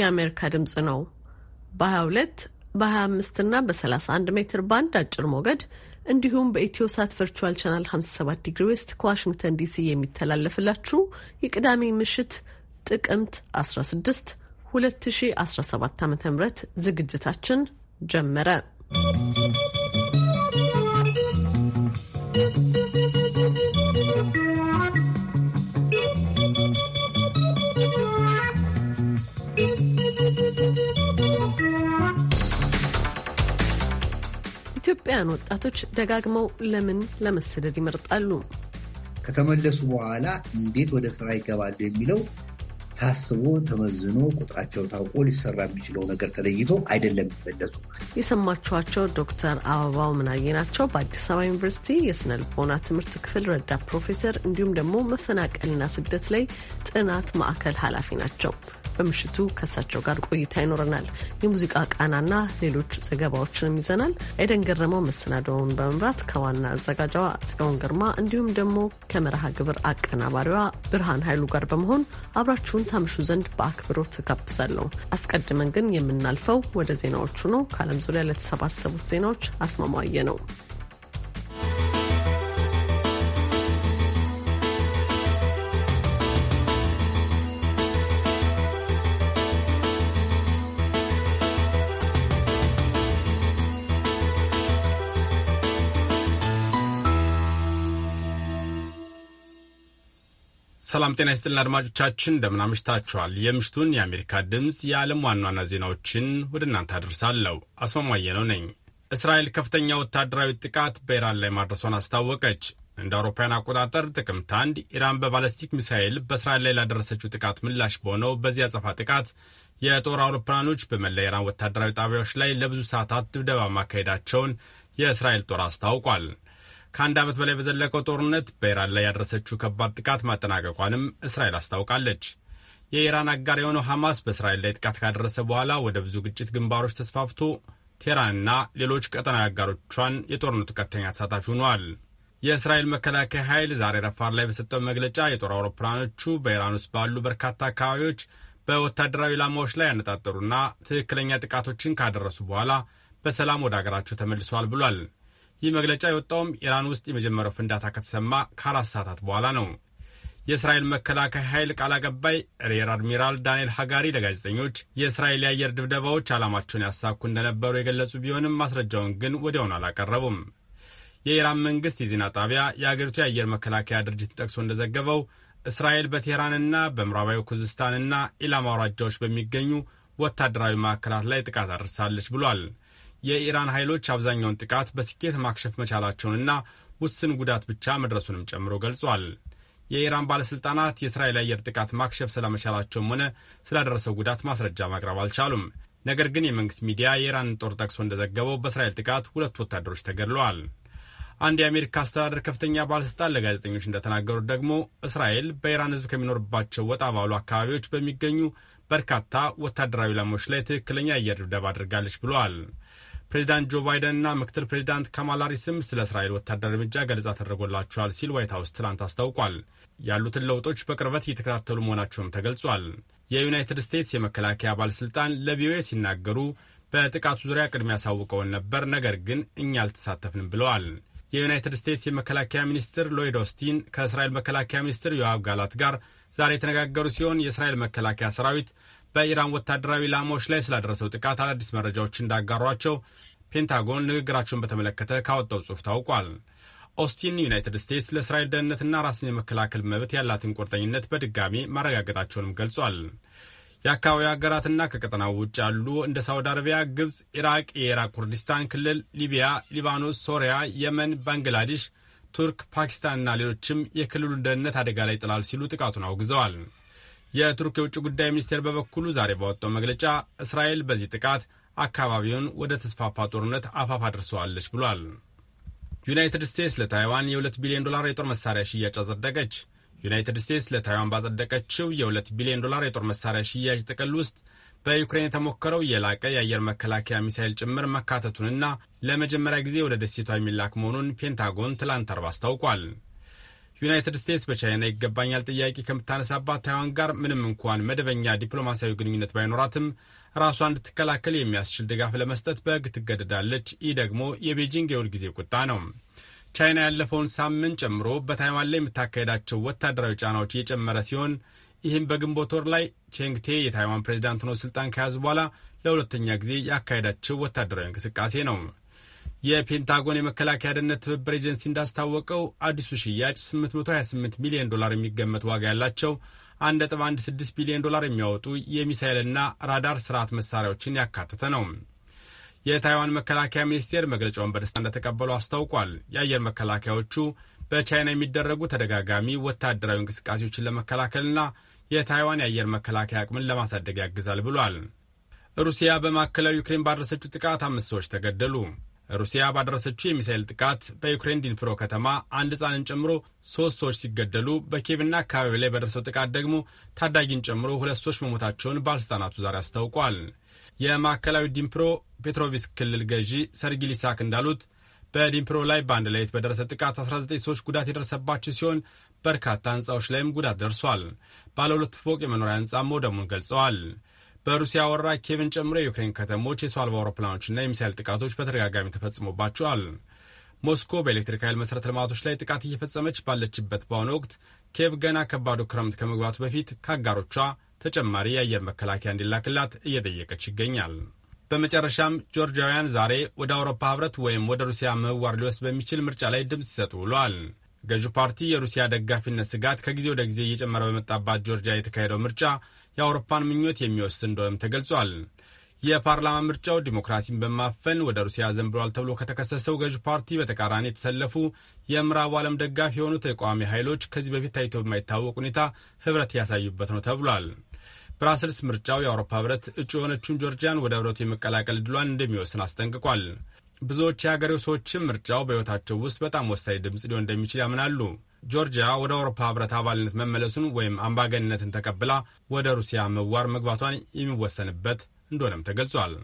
የአሜሪካ ድምጽ ነው። በ22 በ25 እና በ31 ሜትር ባንድ አጭር ሞገድ እንዲሁም በኢትዮ ሳት ቨርቹዋል ቻናል 57 ዲግሪ ዌስት ከዋሽንግተን ዲሲ የሚተላለፍላችሁ የቅዳሜ ምሽት ጥቅምት 16 2017 ዓ ም ዝግጅታችን ጀመረ። ኢትዮጵያውያን ወጣቶች ደጋግመው ለምን ለመሰደድ ይመርጣሉ? ከተመለሱ በኋላ እንዴት ወደ ስራ ይገባሉ የሚለው ታስቦ ተመዝኖ ቁጥራቸው ታውቆ ሊሰራ የሚችለው ነገር ተለይቶ አይደለም የሚመለሱ። የሰማችኋቸው ዶክተር አበባው ምናዬ ናቸው። በአዲስ አበባ ዩኒቨርሲቲ የስነ ልቦና ትምህርት ክፍል ረዳት ፕሮፌሰር እንዲሁም ደግሞ መፈናቀልና ስደት ላይ ጥናት ማዕከል ኃላፊ ናቸው። በምሽቱ ከእሳቸው ጋር ቆይታ ይኖረናል። የሙዚቃ ቃናና ሌሎች ዘገባዎችንም ይዘናል። ኤደን ገረመው መሰናደውን በመምራት ከዋና አዘጋጃዋ ጽዮን ግርማ እንዲሁም ደግሞ ከመርሃ ግብር አቀናባሪዋ ብርሃን ኃይሉ ጋር በመሆን አብራችሁን ታምሹ ዘንድ በአክብሮት እጋብዛለሁ። አስቀድመን ግን የምናልፈው ወደ ዜናዎቹ ነው። ከዓለም ዙሪያ ለተሰባሰቡት ዜናዎች አስማማየ ነው። ሰላም ጤና ይስጥልን አድማጮቻችን፣ እንደምን አምሽታችኋል። የምሽቱን የአሜሪካ ድምፅ የዓለም ዋና ዋና ዜናዎችን ወደ እናንተ አድርሳለሁ። አስማማየ ነው ነኝ። እስራኤል ከፍተኛ ወታደራዊ ጥቃት በኢራን ላይ ማድረሷን አስታወቀች። እንደ አውሮፓውያን አቆጣጠር ጥቅምት አንድ ኢራን በባለስቲክ ሚሳኤል በእስራኤል ላይ ላደረሰችው ጥቃት ምላሽ በሆነው በዚህ አጸፋ ጥቃት የጦር አውሮፕላኖች በመላ ኢራን ወታደራዊ ጣቢያዎች ላይ ለብዙ ሰዓታት ድብደባ ማካሄዳቸውን የእስራኤል ጦር አስታውቋል። ከአንድ ዓመት በላይ በዘለቀው ጦርነት በኢራን ላይ ያደረሰችው ከባድ ጥቃት ማጠናቀቋንም እስራኤል አስታውቃለች። የኢራን አጋር የሆነው ሐማስ በእስራኤል ላይ ጥቃት ካደረሰ በኋላ ወደ ብዙ ግጭት ግንባሮች ተስፋፍቶ ቴህራንና ሌሎች ቀጠናዊ አጋሮቿን የጦርነቱ ቀጥተኛ ተሳታፊ ሆኗል። የእስራኤል መከላከያ ኃይል ዛሬ ረፋር ላይ በሰጠው መግለጫ የጦር አውሮፕላኖቹ በኢራን ውስጥ ባሉ በርካታ አካባቢዎች በወታደራዊ ኢላማዎች ላይ ያነጣጠሩና ትክክለኛ ጥቃቶችን ካደረሱ በኋላ በሰላም ወደ አገራቸው ተመልሰዋል ብሏል። ይህ መግለጫ የወጣውም ኢራን ውስጥ የመጀመሪያው ፍንዳታ ከተሰማ ከአራት ሰዓታት በኋላ ነው። የእስራኤል መከላከያ ኃይል ቃል አቀባይ ሬር አድሚራል ዳንኤል ሀጋሪ ለጋዜጠኞች የእስራኤል የአየር ድብደባዎች ዓላማቸውን ያሳኩ እንደነበሩ የገለጹ ቢሆንም ማስረጃውን ግን ወዲያውኑ አላቀረቡም። የኢራን መንግሥት የዜና ጣቢያ የአገሪቱ የአየር መከላከያ ድርጅትን ጠቅሶ እንደዘገበው እስራኤል በቴህራንና በምዕራባዊ ኩዝስታንና ኢላማ አውራጃዎች በሚገኙ ወታደራዊ ማዕከላት ላይ ጥቃት አድርሳለች ብሏል። የኢራን ኃይሎች አብዛኛውን ጥቃት በስኬት ማክሸፍ መቻላቸውንና ውስን ጉዳት ብቻ መድረሱንም ጨምሮ ገልጿል። የኢራን ባለሥልጣናት የእስራኤል አየር ጥቃት ማክሸፍ ስለመቻላቸውም ሆነ ስላደረሰው ጉዳት ማስረጃ ማቅረብ አልቻሉም። ነገር ግን የመንግሥት ሚዲያ የኢራንን ጦር ጠቅሶ እንደዘገበው በእስራኤል ጥቃት ሁለት ወታደሮች ተገድለዋል። አንድ የአሜሪካ አስተዳደር ከፍተኛ ባለሥልጣን ለጋዜጠኞች እንደተናገሩት ደግሞ እስራኤል በኢራን ሕዝብ ከሚኖርባቸው ወጣ ባሉ አካባቢዎች በሚገኙ በርካታ ወታደራዊ ኢላማዎች ላይ ትክክለኛ አየር ድብደባ አድርጋለች ብለዋል። ፕሬዚዳንት ጆ ባይደንና ምክትል ፕሬዚዳንት ካማላ ሃሪስም ስለ እስራኤል ወታደራዊ እርምጃ ገለጻ ተደርጎላቸዋል ሲል ዋይት ሀውስ ትናንት አስታውቋል። ያሉትን ለውጦች በቅርበት እየተከታተሉ መሆናቸውም ተገልጿል። የዩናይትድ ስቴትስ የመከላከያ ባለስልጣን ለቪኦኤ ሲናገሩ በጥቃቱ ዙሪያ ቅድሚያ ያሳውቀውን ነበር፣ ነገር ግን እኛ አልተሳተፍንም ብለዋል። የዩናይትድ ስቴትስ የመከላከያ ሚኒስትር ሎይድ ኦስቲን ከእስራኤል መከላከያ ሚኒስትር ዮአብ ጋላት ጋር ዛሬ የተነጋገሩ ሲሆን የእስራኤል መከላከያ ሰራዊት በኢራን ወታደራዊ ኢላማዎች ላይ ስላደረሰው ጥቃት አዳዲስ መረጃዎች እንዳጋሯቸው ፔንታጎን ንግግራቸውን በተመለከተ ካወጣው ጽሑፍ ታውቋል። ኦስቲን ዩናይትድ ስቴትስ ለእስራኤል ደህንነትና ራስን የመከላከል መብት ያላትን ቁርጠኝነት በድጋሚ ማረጋገጣቸውንም ገልጿል። የአካባቢ ሀገራትና ከቀጠናው ውጭ ያሉ እንደ ሳውዲ አረቢያ፣ ግብፅ፣ ኢራቅ፣ የኢራቅ ኩርዲስታን ክልል፣ ሊቢያ፣ ሊባኖስ፣ ሶሪያ፣ የመን፣ ባንግላዴሽ ቱርክ፣ ፓኪስታንና ሌሎችም የክልሉን ደህንነት አደጋ ላይ ጥላል ሲሉ ጥቃቱን አውግዘዋል። የቱርክ የውጭ ጉዳይ ሚኒስቴር በበኩሉ ዛሬ ባወጣው መግለጫ እስራኤል በዚህ ጥቃት አካባቢውን ወደ ተስፋፋ ጦርነት አፋፍ አድርሰዋለች ብሏል። ዩናይትድ ስቴትስ ለታይዋን የ2 ቢሊዮን ዶላር የጦር መሳሪያ ሽያጭ አጸደቀች። ዩናይትድ ስቴትስ ለታይዋን ባጸደቀችው የ2 ቢሊዮን ዶላር የጦር መሳሪያ ሽያጭ ጥቅል ውስጥ በዩክሬን የተሞከረው የላቀ የአየር መከላከያ ሚሳይል ጭምር መካተቱንና ለመጀመሪያ ጊዜ ወደ ደሴቷ የሚላክ መሆኑን ፔንታጎን ትላንት አርብ አስታውቋል። ዩናይትድ ስቴትስ በቻይና ይገባኛል ጥያቄ ከምታነሳባት ታይዋን ጋር ምንም እንኳን መደበኛ ዲፕሎማሲያዊ ግንኙነት ባይኖራትም ራሷ እንድትከላከል የሚያስችል ድጋፍ ለመስጠት በሕግ ትገደዳለች። ይህ ደግሞ የቤጂንግ የሁል ጊዜ ቁጣ ነው። ቻይና ያለፈውን ሳምንት ጨምሮ በታይዋን ላይ የምታካሄዳቸው ወታደራዊ ጫናዎች እየጨመረ ሲሆን ይህም በግንቦት ወር ላይ ቼንግቴ የታይዋን ፕሬዚዳንት ሆኖ ስልጣን ከያዙ በኋላ ለሁለተኛ ጊዜ ያካሄዳቸው ወታደራዊ እንቅስቃሴ ነው። የፔንታጎን የመከላከያ ደህንነት ትብብር ኤጀንሲ እንዳስታወቀው አዲሱ ሽያጭ 828 ሚሊዮን ዶላር የሚገመት ዋጋ ያላቸው 1.16 ቢሊዮን ዶላር የሚያወጡ የሚሳይልና ራዳር ስርዓት መሳሪያዎችን ያካተተ ነው። የታይዋን መከላከያ ሚኒስቴር መግለጫውን በደስታ እንደተቀበሉ አስታውቋል። የአየር መከላከያዎቹ በቻይና የሚደረጉ ተደጋጋሚ ወታደራዊ እንቅስቃሴዎችን ለመከላከልና የታይዋን የአየር መከላከያ አቅምን ለማሳደግ ያግዛል ብሏል። ሩሲያ በማዕከላዊ ዩክሬን ባደረሰችው ጥቃት አምስት ሰዎች ተገደሉ። ሩሲያ ባደረሰችው የሚሳኤል ጥቃት በዩክሬን ዲንፕሮ ከተማ አንድ ህፃንን ጨምሮ ሦስት ሰዎች ሲገደሉ በኬቭና አካባቢ ላይ በደረሰው ጥቃት ደግሞ ታዳጊን ጨምሮ ሁለት ሰዎች መሞታቸውን ባለሥልጣናቱ ዛሬ አስታውቋል። የማዕከላዊ ዲንፕሮ ፔትሮቪስክ ክልል ገዢ ሰርጊ ሊሳክ እንዳሉት በዲንፕሮ ላይ በአንድ ሌሊት በደረሰ ጥቃት 19 ሰዎች ጉዳት የደረሰባቸው ሲሆን በርካታ ህንፃዎች ላይም ጉዳት ደርሷል። ባለ ሁለት ፎቅ የመኖሪያ ህንፃ መውደሙን ገልጸዋል። በሩሲያ ወራ ኬቭን ጨምሮ የዩክሬን ከተሞች የሰው አልባ አውሮፕላኖችና የሚሳይል ጥቃቶች በተደጋጋሚ ተፈጽሞባቸዋል። ሞስኮ በኤሌክትሪክ ኃይል መሠረተ ልማቶች ላይ ጥቃት እየፈጸመች ባለችበት በአሁኑ ወቅት ኬቭ ገና ከባዱ ክረምት ከመግባቱ በፊት ከአጋሮቿ ተጨማሪ የአየር መከላከያ እንዲላክላት እየጠየቀች ይገኛል። በመጨረሻም ጆርጂያውያን ዛሬ ወደ አውሮፓ ህብረት ወይም ወደ ሩሲያ ምህዋር ሊወስድ በሚችል ምርጫ ላይ ድምፅ ሲሰጡ ውሏል። ገዢ ፓርቲ የሩሲያ ደጋፊነት ስጋት ከጊዜ ወደ ጊዜ እየጨመረ በመጣባት ጆርጂያ የተካሄደው ምርጫ የአውሮፓን ምኞት የሚወስን እንደሆነም ተገልጿል። የፓርላማ ምርጫው ዲሞክራሲን በማፈን ወደ ሩሲያ ዘንብሏል ተብሎ ከተከሰሰው ገዢ ፓርቲ በተቃራኒ የተሰለፉ የምዕራቡ ዓለም ደጋፊ የሆኑ ተቃዋሚ ኃይሎች ከዚህ በፊት ታይቶ በማይታወቅ ሁኔታ ኅብረት ያሳዩበት ነው ተብሏል። ብራስልስ ምርጫው የአውሮፓ ኅብረት እጩ የሆነችውን ጆርጂያን ወደ ኅብረቱ የመቀላቀል ድሏን እንደሚወስን አስጠንቅቋል። ብዙዎች የሀገሬው ሰዎችም ምርጫው በሕይወታቸው ውስጥ በጣም ወሳኝ ድምፅ ሊሆን እንደሚችል ያምናሉ። ጆርጂያ ወደ አውሮፓ ህብረት አባልነት መመለሱን ወይም አምባገንነትን ተቀብላ ወደ ሩሲያ መዋር መግባቷን የሚወሰንበት እንደሆነም ተገልጿል።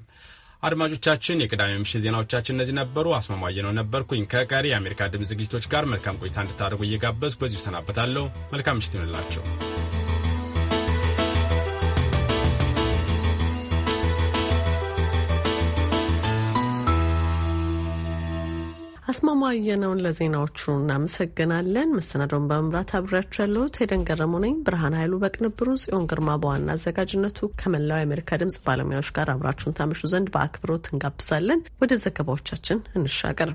አድማጮቻችን፣ የቅዳሜ ምሽት ዜናዎቻችን እነዚህ ነበሩ። አስማማየ ነው ነበርኩኝ። ከቀሪ የአሜሪካ ድምፅ ዝግጅቶች ጋር መልካም ቆይታ እንድታደርጉ እየጋበዝኩ በዚሁ ሰናበታለሁ። መልካም ምሽት ይሆንላቸው። አስማማ አየነውን ለዜናዎቹ እናመሰግናለን። መሰናዶውን በመምራት አብሬያችሁ ያለሁት ሄደን ገረሙ ነኝ። ብርሃን ኃይሉ በቅንብሩ፣ ጽዮን ግርማ በዋና አዘጋጅነቱ ከመላው የአሜሪካ ድምጽ ባለሙያዎች ጋር አብራችሁን ታመሹ ዘንድ በአክብሮት እንጋብዛለን። ወደ ዘገባዎቻችን እንሻገር።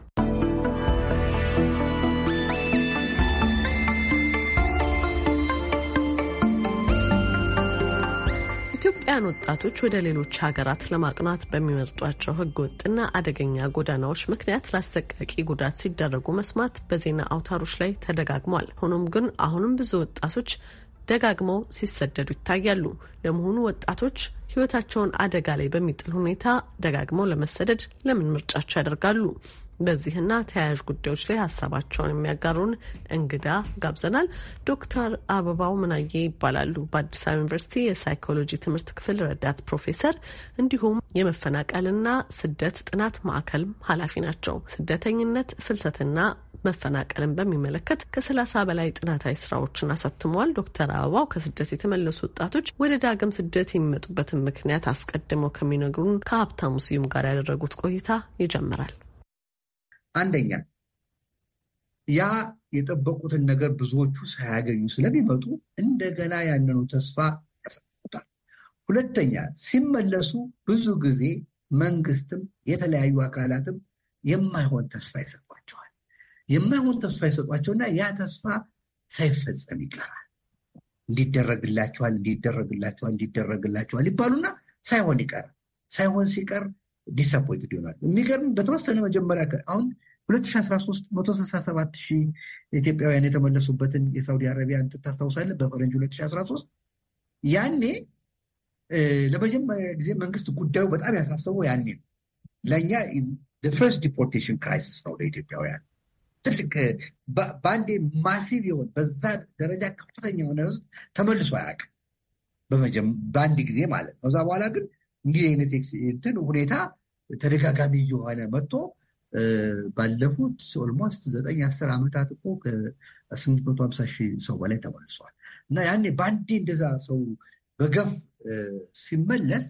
ኢትዮጵያውያን ወጣቶች ወደ ሌሎች ሀገራት ለማቅናት በሚመርጧቸው ህገወጥና አደገኛ ጎዳናዎች ምክንያት ለአሰቃቂ ጉዳት ሲደረጉ መስማት በዜና አውታሮች ላይ ተደጋግሟል። ሆኖም ግን አሁንም ብዙ ወጣቶች ደጋግመው ሲሰደዱ ይታያሉ። ለመሆኑ ወጣቶች ህይወታቸውን አደጋ ላይ በሚጥል ሁኔታ ደጋግመው ለመሰደድ ለምን ምርጫቸው ያደርጋሉ? በዚህና ተያያዥ ጉዳዮች ላይ ሀሳባቸውን የሚያጋሩን እንግዳ ጋብዘናል። ዶክተር አበባው ምናዬ ይባላሉ። በአዲስ አበባ ዩኒቨርሲቲ የሳይኮሎጂ ትምህርት ክፍል ረዳት ፕሮፌሰር እንዲሁም የመፈናቀልና ስደት ጥናት ማዕከል ኃላፊ ናቸው። ስደተኝነት፣ ፍልሰትና መፈናቀልን በሚመለከት ከሰላሳ በላይ ጥናታዊ ስራዎችን አሳትመዋል። ዶክተር አበባው ከስደት የተመለሱ ወጣቶች ወደ ዳግም ስደት የሚመጡበትን ምክንያት አስቀድመው ከሚነግሩን ከሀብታሙ ስዩም ጋር ያደረጉት ቆይታ ይጀምራል። አንደኛ ያ የጠበቁትን ነገር ብዙዎቹ ሳያገኙ ስለሚመጡ እንደገና ያንኑ ተስፋ ያሳጡታል። ሁለተኛ ሲመለሱ ብዙ ጊዜ መንግስትም የተለያዩ አካላትም የማይሆን ተስፋ ይሰጧቸዋል። የማይሆን ተስፋ ይሰጧቸውና ያ ተስፋ ሳይፈጸም ይቀራል። እንዲደረግላቸዋል እንዲደረግላቸዋል እንዲደረግላቸዋል ይባሉና ሳይሆን ይቀር ሳይሆን ሲቀር ዲስአፖይንትድ ይሆናል። የሚገርም በተወሰነ መጀመሪያ አሁን 2013 167 ሺህ ኢትዮጵያውያን የተመለሱበትን የሳውዲ አረቢያ ትታስታውሳለህ? በፈረንጅ 2013 ያኔ ለመጀመሪያ ጊዜ መንግስት ጉዳዩ በጣም ያሳሰበው ያኔ ነው። ለእኛ ፈርስት ዲፖርቴሽን ክራይሲስ ነው ለኢትዮጵያውያን ትልቅ በአንዴ ማሲቭ የሆን በዛ ደረጃ ከፍተኛ የሆነ ህዝብ ተመልሶ አያውቅም በአንድ ጊዜ ማለት ነው። ከዛ በኋላ ግን እንዲህ አይነት እንትን ሁኔታ ተደጋጋሚ እየሆነ መጥቶ ባለፉት ኦልሞስት ዘጠኝ አስር ዓመታት እኮ ከስምንት መቶ ሀምሳ ሺህ ሰው በላይ ተመልሷል። እና ያኔ በአንዴ እንደዛ ሰው በገፍ ሲመለስ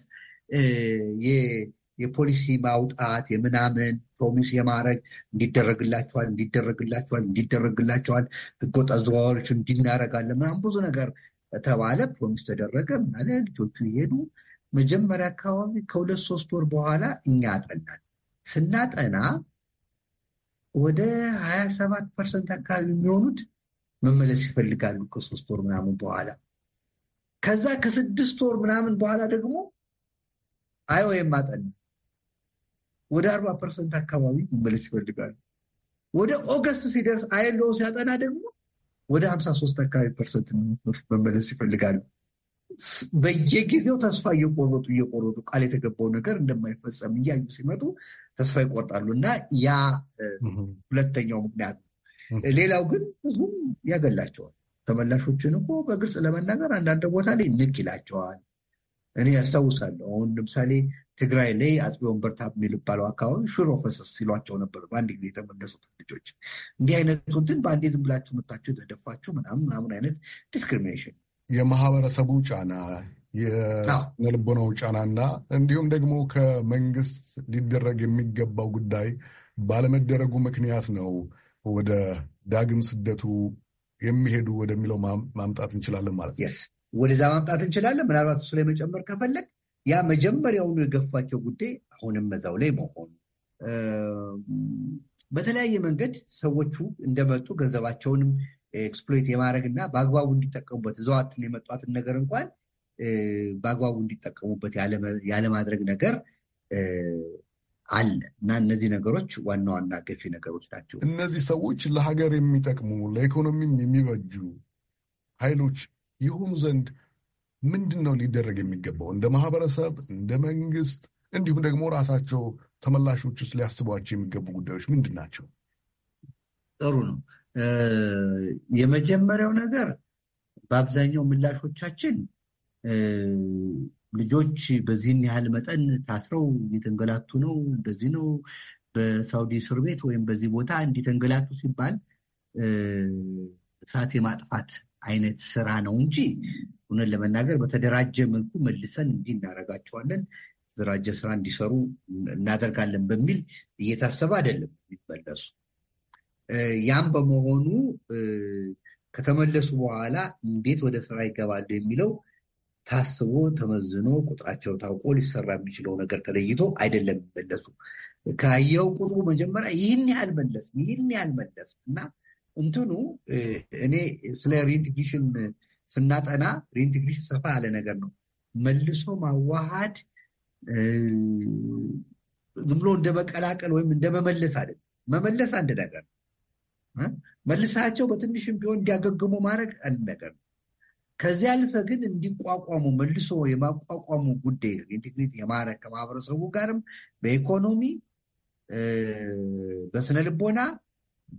የፖሊሲ ማውጣት የምናምን ፕሮሚስ የማድረግ እንዲደረግላቸዋል እንዲደረግላቸዋል እንዲደረግላቸዋል ህገወጥ አዘዋዋሪዎች እንዲናረጋለን ምናምን ብዙ ነገር ተባለ። ፕሮሚስ ተደረገ ምናለ ልጆቹ ይሄዱ መጀመሪያ አካባቢ ከሁለት ሶስት ወር በኋላ እኛ አጠናል። ስናጠና ወደ ሀያ ሰባት ፐርሰንት አካባቢ የሚሆኑት መመለስ ይፈልጋሉ ከሶስት ወር ምናምን በኋላ ከዛ ከስድስት ወር ምናምን በኋላ ደግሞ አይ ወይም አጠና ወደ አርባ ፐርሰንት አካባቢ መመለስ ይፈልጋሉ። ወደ ኦገስት ሲደርስ አይ አይሎ ሲያጠና ደግሞ ወደ ሀምሳ ሶስት አካባቢ ፐርሰንት መመለስ ይፈልጋሉ። በየጊዜው ተስፋ እየቆረጡ እየቆረጡ ቃል የተገባው ነገር እንደማይፈጸም እያዩ ሲመጡ ተስፋ ይቆርጣሉ እና ያ ሁለተኛው ምክንያት ነው። ሌላው ግን ብዙም ያገላቸዋል። ተመላሾችን እኮ በግልጽ ለመናገር አንዳንድ ቦታ ላይ ንክ ይላቸዋል። እኔ ያስታውሳለሁ። አሁን ለምሳሌ ትግራይ ላይ አጽቢ ወንበርታ የሚልባለው አካባቢ ሽሮ ፈሰስ ሲሏቸው ነበር። በአንድ ጊዜ የተመለሱት ልጆች እንዲህ አይነቱን እንትን በአንዴ ዝም ብላችሁ መታችሁ ተደፋችሁ ምናምን ምናምን አይነት ዲስክሪሚኔሽን የማህበረሰቡ ጫና የልቦናው ጫናና እንዲሁም ደግሞ ከመንግስት ሊደረግ የሚገባው ጉዳይ ባለመደረጉ ምክንያት ነው ወደ ዳግም ስደቱ የሚሄዱ ወደሚለው ማምጣት እንችላለን ማለት ነው። ወደዛ ማምጣት እንችላለን። ምናልባት እሱ ላይ መጨመር ከፈለግ ያ መጀመሪያውኑ የገፋቸው ጉዳይ አሁንም መዛው ላይ መሆኑ በተለያየ መንገድ ሰዎቹ እንደመጡ ገንዘባቸውንም ኤክስፕሎይት የማድረግ እና በአግባቡ እንዲጠቀሙበት እዘዋትን የመጧትን ነገር እንኳን በአግባቡ እንዲጠቀሙበት ያለማድረግ ነገር አለ እና እነዚህ ነገሮች ዋና ዋና ገፊ ነገሮች ናቸው። እነዚህ ሰዎች ለሀገር የሚጠቅሙ ለኢኮኖሚም የሚበጁ ኃይሎች የሆኑ ዘንድ ምንድን ነው ሊደረግ የሚገባው? እንደ ማህበረሰብ፣ እንደ መንግስት እንዲሁም ደግሞ ራሳቸው ተመላሾች ውስጥ ሊያስቧቸው የሚገቡ ጉዳዮች ምንድን ናቸው? ጥሩ ነው። የመጀመሪያው ነገር በአብዛኛው ምላሾቻችን ልጆች በዚህን ያህል መጠን ታስረው እየተንገላቱ ነው፣ እንደዚህ ነው፣ በሳውዲ እስር ቤት ወይም በዚህ ቦታ እንዲተንገላቱ ሲባል እሳት የማጥፋት አይነት ስራ ነው እንጂ እውነት ለመናገር በተደራጀ መልኩ መልሰን እንዲህ እናደርጋቸዋለን፣ የተደራጀ ስራ እንዲሰሩ እናደርጋለን በሚል እየታሰበ አይደለም የሚመለሱ ያም በመሆኑ ከተመለሱ በኋላ እንዴት ወደ ስራ ይገባሉ የሚለው ታስቦ ተመዝኖ ቁጥራቸው ታውቆ ሊሰራ የሚችለው ነገር ተለይቶ አይደለም የሚመለሱ። ካየው ቁጥሩ መጀመሪያ ይህን ያህል መለስ ይህን ያህል መለስ እና እንትኑ እኔ ስለ ሪኢንቴግሬሽን ስናጠና ሪኢንቴግሬሽን ሰፋ ያለ ነገር ነው። መልሶ ማዋሃድ ዝም ብሎ እንደ መቀላቀል ወይም እንደ መመለስ አይደለም። መመለስ አንድ ነገር ነው። መልሳቸው በትንሽም ቢሆን እንዲያገግሙ ማድረግ አንድ ነገር ነው። ከዚያ አልፈ ግን እንዲቋቋሙ መልሶ የማቋቋሙ ጉዳይ ኢንቴግሪቲ የማድረግ ከማህበረሰቡ ጋርም በኢኮኖሚ፣ በስነ ልቦና፣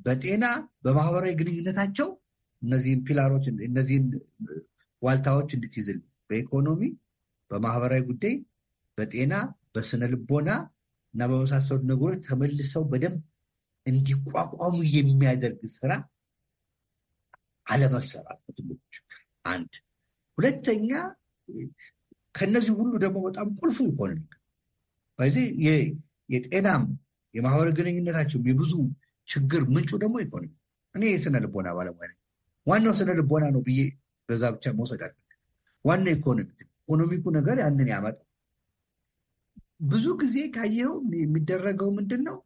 በጤና፣ በማህበራዊ ግንኙነታቸው እነዚህን ፒላሮች እነዚህን ዋልታዎች እንድትይዝል በኢኮኖሚ፣ በማህበራዊ ጉዳይ፣ በጤና፣ በስነ ልቦና እና በመሳሰሉት ነገሮች ተመልሰው በደንብ እንዲቋቋሙ የሚያደርግ ስራ አለመሰራት ትልቁ ችግር አንድ። ሁለተኛ ከነዚህ ሁሉ ደግሞ በጣም ቁልፉ ይሆን በዚህ የጤናም የማህበረ ግንኙነታቸው የብዙ ችግር ምንጩ ደግሞ ኢኮኖሚ። እኔ የስነ ልቦና ባለሙያ ነኝ። ዋናው ስነ ልቦና ነው ብዬ በዛ ብቻ መውሰድ አለ። ዋናው ኢኮኖሚኩ ነገር ያንን ያመጣ ብዙ ጊዜ ካየው የሚደረገው ምንድን ነው?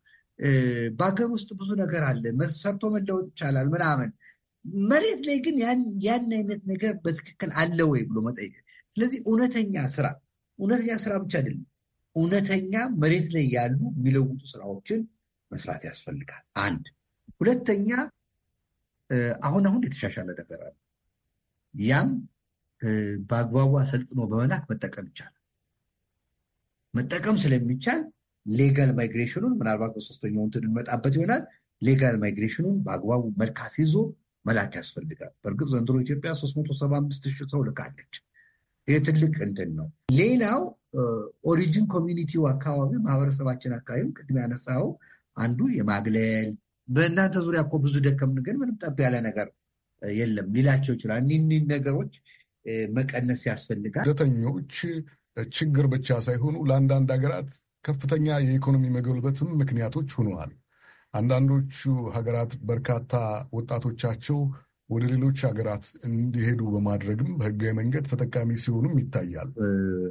በሀገር ውስጥ ብዙ ነገር አለ፣ ሰርቶ መለወጥ ይቻላል ምናምን። መሬት ላይ ግን ያን አይነት ነገር በትክክል አለ ወይ ብሎ መጠየቅ። ስለዚህ እውነተኛ ስራ እውነተኛ ስራ ብቻ አይደለም፣ እውነተኛ መሬት ላይ ያሉ የሚለውጡ ስራዎችን መስራት ያስፈልጋል። አንድ ሁለተኛ፣ አሁን አሁን የተሻሻለ ነገር አለ። ያም በአግባቡ አሰልጥኖ በመላክ መጠቀም ይቻላል። መጠቀም ስለሚቻል ሌጋል ማይግሬሽኑን ምናልባት በሶስተኛው እንትን እንመጣበት ይሆናል። ሌጋል ማይግሬሽኑን በአግባቡ መልካስ ይዞ መላክ ያስፈልጋል። በእርግጥ ዘንድሮ ኢትዮጵያ 375 ሺህ ሰው ልካለች። ይህ ትልቅ እንትን ነው። ሌላው ኦሪጂን ኮሚኒቲው አካባቢ ማህበረሰባችን አካባቢም ቅድም ያነሳው አንዱ የማግለል በእናንተ ዙሪያ እኮ ብዙ ደከምን፣ ግን ምንም ጠብ ያለ ነገር የለም ሊላቸው ይችላል። እኒህ ነገሮች መቀነስ ያስፈልጋል። ስደተኞች ችግር ብቻ ሳይሆኑ ለአንዳንድ ሀገራት ከፍተኛ የኢኮኖሚ መገልበትም ምክንያቶች ሆነዋል። አንዳንዶቹ ሀገራት በርካታ ወጣቶቻቸው ወደ ሌሎች ሀገራት እንዲሄዱ በማድረግም በህጋዊ መንገድ ተጠቃሚ ሲሆኑም ይታያል።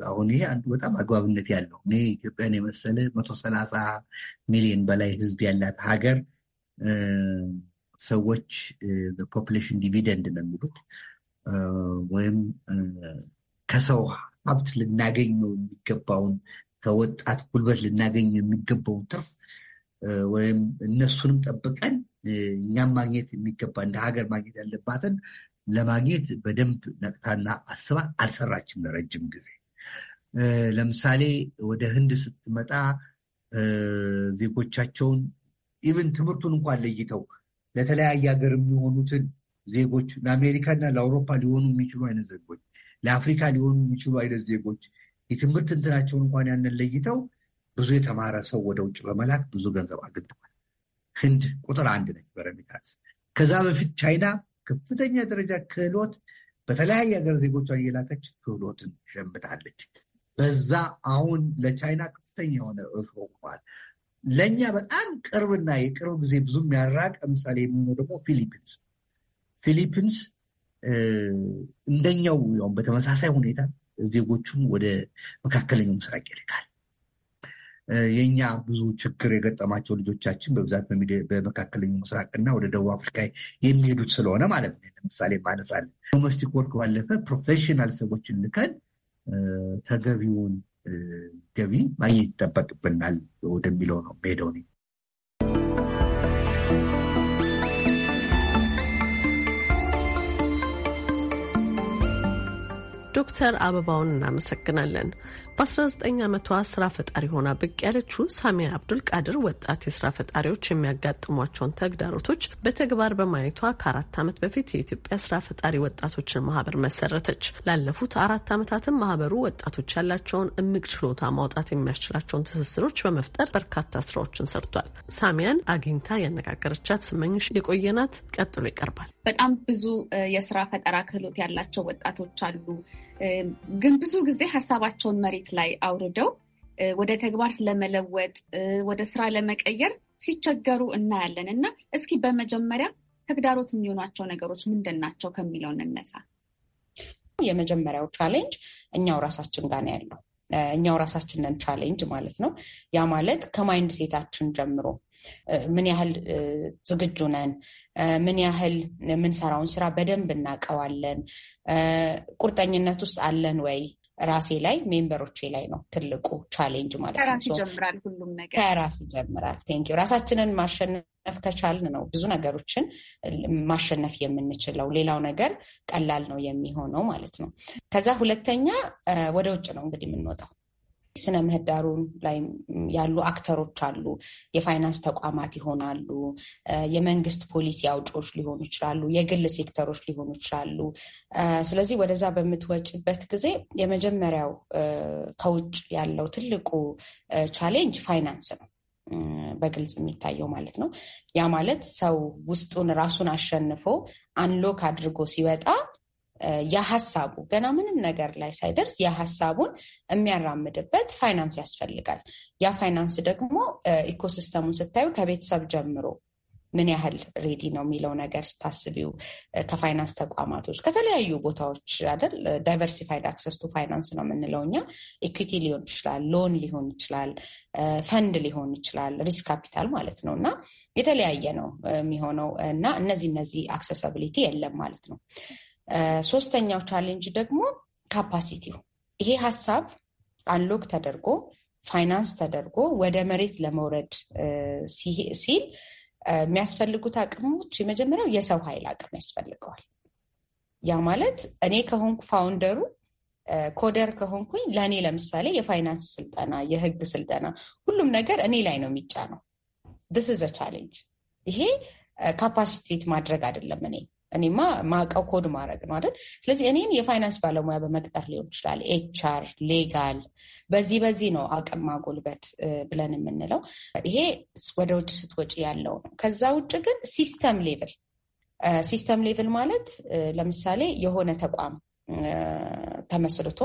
አሁን ይሄ አንዱ በጣም አግባብነት ያለው እኔ ኢትዮጵያን የመሰለ መቶ ሰላሳ ሚሊዮን በላይ ህዝብ ያላት ሀገር ሰዎች ፖፕሌሽን ዲቪደንድ ነው የሚሉት ወይም ከሰው ሀብት ልናገኘው የሚገባውን ከወጣት ጉልበት ልናገኝ የሚገባውን ትርፍ ወይም እነሱንም ጠብቀን እኛም ማግኘት የሚገባ እንደ ሀገር ማግኘት ያለባትን ለማግኘት በደንብ ነቅታና አስባ አልሰራችም ለረጅም ጊዜ። ለምሳሌ ወደ ህንድ ስትመጣ ዜጎቻቸውን ኢቨን ትምህርቱን እንኳን ለይተው ለተለያየ ሀገር የሚሆኑትን ዜጎች ለአሜሪካና ለአውሮፓ ሊሆኑ የሚችሉ አይነት ዜጎች፣ ለአፍሪካ ሊሆኑ የሚችሉ አይነት ዜጎች የትምህርት እንትናቸው እንኳን ያንን ለይተው ብዙ የተማረ ሰው ወደ ውጭ በመላክ ብዙ ገንዘብ አግኝተዋል። ህንድ ቁጥር አንድ ነች በረሚታንስ። ከዛ በፊት ቻይና ከፍተኛ ደረጃ ክህሎት በተለያየ ሀገር ዜጎቿ እየላከች ክህሎትን ሸምታለች። በዛ አሁን ለቻይና ከፍተኛ የሆነ እርሾ ሆኗል። ለእኛ በጣም ቅርብና የቅርብ ጊዜ ብዙ የሚያራቅ ምሳሌ የሚሆነው ደግሞ ፊሊፒንስ ፊሊፒንስ እንደኛው በተመሳሳይ ሁኔታ ዜጎቹም ወደ መካከለኛው ምስራቅ ይልካል። የእኛ ብዙ ችግር የገጠማቸው ልጆቻችን በብዛት በመካከለኛው ምስራቅና ወደ ደቡብ አፍሪካ የሚሄዱት ስለሆነ ማለት ነው። ለምሳሌ ማነሳል ዶሜስቲክ ወርክ ባለፈ ፕሮፌሽናል ሰዎችን ልከን ተገቢውን ገቢ ማግኘት ይጠበቅብናል ወደሚለው ነው ሄደው ነኝ ዶክተር አበባውን እናመሰግናለን። በ19 ዓመቷ ስራ ፈጣሪ ሆና ብቅ ያለችው ሳሚያ አብዱል ቃድር ወጣት የስራ ፈጣሪዎች የሚያጋጥሟቸውን ተግዳሮቶች በተግባር በማየቷ ከአራት ዓመት በፊት የኢትዮጵያ ስራ ፈጣሪ ወጣቶችን ማህበር መሰረተች። ላለፉት አራት ዓመታትም ማህበሩ ወጣቶች ያላቸውን እምቅ ችሎታ ማውጣት የሚያስችላቸውን ትስስሮች በመፍጠር በርካታ ስራዎችን ሰርቷል። ሳሚያን አግኝታ ያነጋገረቻት ስመኝሽ የቆየናት ቀጥሎ ይቀርባል። በጣም ብዙ የስራ ፈጠራ ክህሎት ያላቸው ወጣቶች አሉ ግን ብዙ ጊዜ ሀሳባቸውን መሬት ላይ አውርደው ወደ ተግባር ስለመለወጥ ወደ ስራ ለመቀየር ሲቸገሩ እናያለን። እና እስኪ በመጀመሪያ ተግዳሮት የሚሆኗቸው ነገሮች ምንድን ናቸው ከሚለው እንነሳ። የመጀመሪያው ቻሌንጅ እኛው ራሳችን ጋር ነው ያለው። እኛው ራሳችንን ቻሌንጅ ማለት ነው። ያ ማለት ከማይንድ ሴታችን ጀምሮ ምን ያህል ዝግጁ ነን፣ ምን ያህል የምንሰራውን ስራ በደንብ እናውቀዋለን፣ ቁርጠኝነት ውስጥ አለን ወይ? ራሴ ላይ ሜምበሮቼ ላይ ነው ትልቁ ቻሌንጅ ማለት ነው። ይጀምራል ሁሉም ነገር ከራስ ይጀምራል። ቴንኪው ራሳችንን ማሸነፍ ከቻልን ነው ብዙ ነገሮችን ማሸነፍ የምንችለው። ሌላው ነገር ቀላል ነው የሚሆነው ማለት ነው። ከዛ ሁለተኛ ወደ ውጭ ነው እንግዲህ የምንወጣው ስነ ምህዳሩ ላይ ያሉ አክተሮች አሉ። የፋይናንስ ተቋማት ይሆናሉ፣ የመንግስት ፖሊሲ አውጪዎች ሊሆኑ ይችላሉ፣ የግል ሴክተሮች ሊሆኑ ይችላሉ። ስለዚህ ወደዛ በምትወጭበት ጊዜ የመጀመሪያው ከውጭ ያለው ትልቁ ቻሌንጅ ፋይናንስ ነው። በግልጽ የሚታየው ማለት ነው። ያ ማለት ሰው ውስጡን ራሱን አሸንፎ አንሎክ አድርጎ ሲወጣ የሀሳቡ ገና ምንም ነገር ላይ ሳይደርስ የሀሳቡን የሚያራምድበት ፋይናንስ ያስፈልጋል። ያ ፋይናንስ ደግሞ ኢኮሲስተሙን ስታዩ ከቤተሰብ ጀምሮ ምን ያህል ሬዲ ነው የሚለው ነገር ስታስቢው ከፋይናንስ ተቋማቶች ከተለያዩ ቦታዎች አይደል ዳይቨርሲፋይድ አክሰስ ቱ ፋይናንስ ነው የምንለው እኛ። ኢኩዊቲ ሊሆን ይችላል፣ ሎን ሊሆን ይችላል፣ ፈንድ ሊሆን ይችላል፣ ሪስክ ካፒታል ማለት ነው እና የተለያየ ነው የሚሆነው እና እነዚህ እነዚህ አክሰሳቢሊቲ የለም ማለት ነው። ሶስተኛው ቻሌንጅ ደግሞ ካፓሲቲው ይሄ ሀሳብ አንሎክ ተደርጎ ፋይናንስ ተደርጎ ወደ መሬት ለመውረድ ሲል የሚያስፈልጉት አቅሞች የመጀመሪያው የሰው ኃይል አቅም ያስፈልገዋል። ያ ማለት እኔ ከሆንኩ ፋውንደሩ ኮደር ከሆንኩኝ ለእኔ ለምሳሌ የፋይናንስ ስልጠና፣ የህግ ስልጠና፣ ሁሉም ነገር እኔ ላይ ነው የሚጫነው። ድስ ዘ ቻሌንጅ። ይሄ ካፓሲቴት ማድረግ አይደለም እኔ እኔማ ማቀው ኮድ ማድረግ ነው አይደል? ስለዚህ እኔን የፋይናንስ ባለሙያ በመቅጠር ሊሆን ይችላል፣ ኤችአር፣ ሌጋል በዚህ በዚህ ነው አቅም ማጎልበት ብለን የምንለው። ይሄ ወደ ውጭ ስትወጪ ያለው ነው። ከዛ ውጭ ግን ሲስተም ሌቭል ሲስተም ሌቭል ማለት ለምሳሌ የሆነ ተቋም ተመስርቶ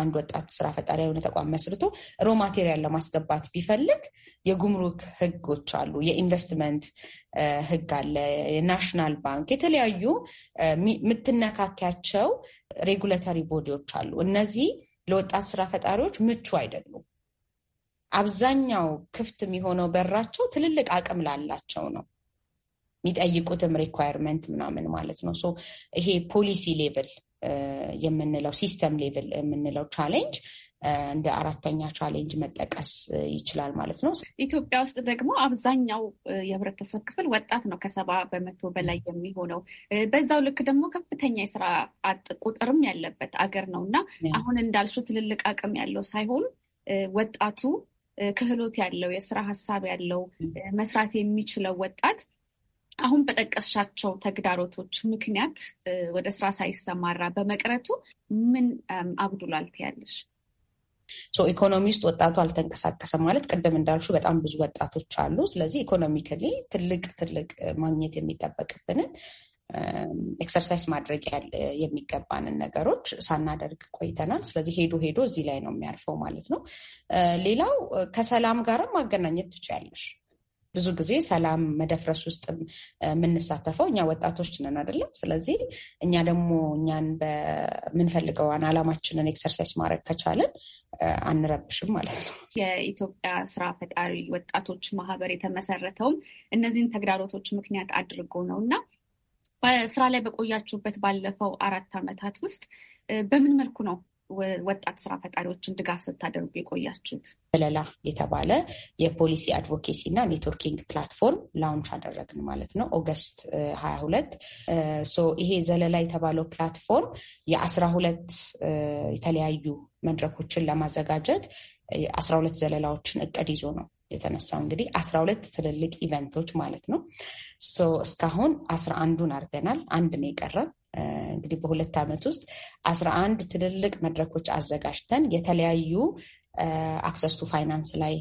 አንድ ወጣት ስራ ፈጣሪ የሆነ ተቋም መስርቶ ሮ ማቴሪያል ለማስገባት ቢፈልግ የጉምሩክ ህጎች አሉ፣ የኢንቨስትመንት ህግ አለ፣ የናሽናል ባንክ የተለያዩ የምትነካኪያቸው ሬጉላተሪ ቦዲዎች አሉ። እነዚህ ለወጣት ስራ ፈጣሪዎች ምቹ አይደሉም። አብዛኛው ክፍት የሚሆነው በራቸው ትልልቅ አቅም ላላቸው ነው የሚጠይቁትም ሪኳየርመንት ምናምን ማለት ነው። ይሄ ፖሊሲ ሌብል የምንለው ሲስተም ሌቭል የምንለው ቻሌንጅ እንደ አራተኛ ቻሌንጅ መጠቀስ ይችላል ማለት ነው። ኢትዮጵያ ውስጥ ደግሞ አብዛኛው የህብረተሰብ ክፍል ወጣት ነው፣ ከሰባ በመቶ በላይ የሚሆነው በዛው ልክ ደግሞ ከፍተኛ የስራ አጥ ቁጥርም ያለበት አገር ነው እና አሁን እንዳልሱ ትልልቅ አቅም ያለው ሳይሆን ወጣቱ ክህሎት ያለው የስራ ሀሳብ ያለው መስራት የሚችለው ወጣት አሁን በጠቀስሻቸው ተግዳሮቶች ምክንያት ወደ ስራ ሳይሰማራ በመቅረቱ ምን አጉድሏል ትያለሽ? ኢኮኖሚ ውስጥ ወጣቱ አልተንቀሳቀሰም ማለት ቅድም እንዳልሹ በጣም ብዙ ወጣቶች አሉ። ስለዚህ ኢኮኖሚካሊ ትልቅ ትልቅ ማግኘት የሚጠበቅብንን ኤክሰርሳይዝ ማድረግ የሚገባንን ነገሮች ሳናደርግ ቆይተናል። ስለዚህ ሄዶ ሄዶ እዚህ ላይ ነው የሚያርፈው ማለት ነው። ሌላው ከሰላም ጋርም ማገናኘት ትችያለሽ። ብዙ ጊዜ ሰላም መደፍረስ ውስጥ የምንሳተፈው እኛ ወጣቶች ነን አደለ? ስለዚህ እኛ ደግሞ እኛን በምንፈልገዋን አላማችንን ኤክሰርሳይዝ ማድረግ ከቻለን አንረብሽም ማለት ነው። የኢትዮጵያ ስራ ፈጣሪ ወጣቶች ማህበር የተመሰረተውም እነዚህን ተግዳሮቶች ምክንያት አድርጎ ነው እና በስራ ላይ በቆያችሁበት ባለፈው አራት ዓመታት ውስጥ በምን መልኩ ነው ወጣት ስራ ፈጣሪዎችን ድጋፍ ስታደርጉ የቆያችሁት? ዘለላ የተባለ የፖሊሲ አድቮኬሲ እና ኔትወርኪንግ ፕላትፎርም ላውንች አደረግን ማለት ነው ኦገስት ሀያ ሁለት ይሄ ዘለላ የተባለው ፕላትፎርም የአስራ ሁለት የተለያዩ መድረኮችን ለማዘጋጀት አስራ ሁለት ዘለላዎችን እቅድ ይዞ ነው የተነሳው እንግዲህ አስራ ሁለት ትልልቅ ኢቨንቶች ማለት ነው። እስካሁን አስራ አንዱን አድርገናል። አንድ ነው የቀረን። እንግዲህ በሁለት ዓመት ውስጥ አስራ አንድ ትልልቅ መድረኮች አዘጋጅተን የተለያዩ አክሰስ ቱ ፋይናንስ ላይ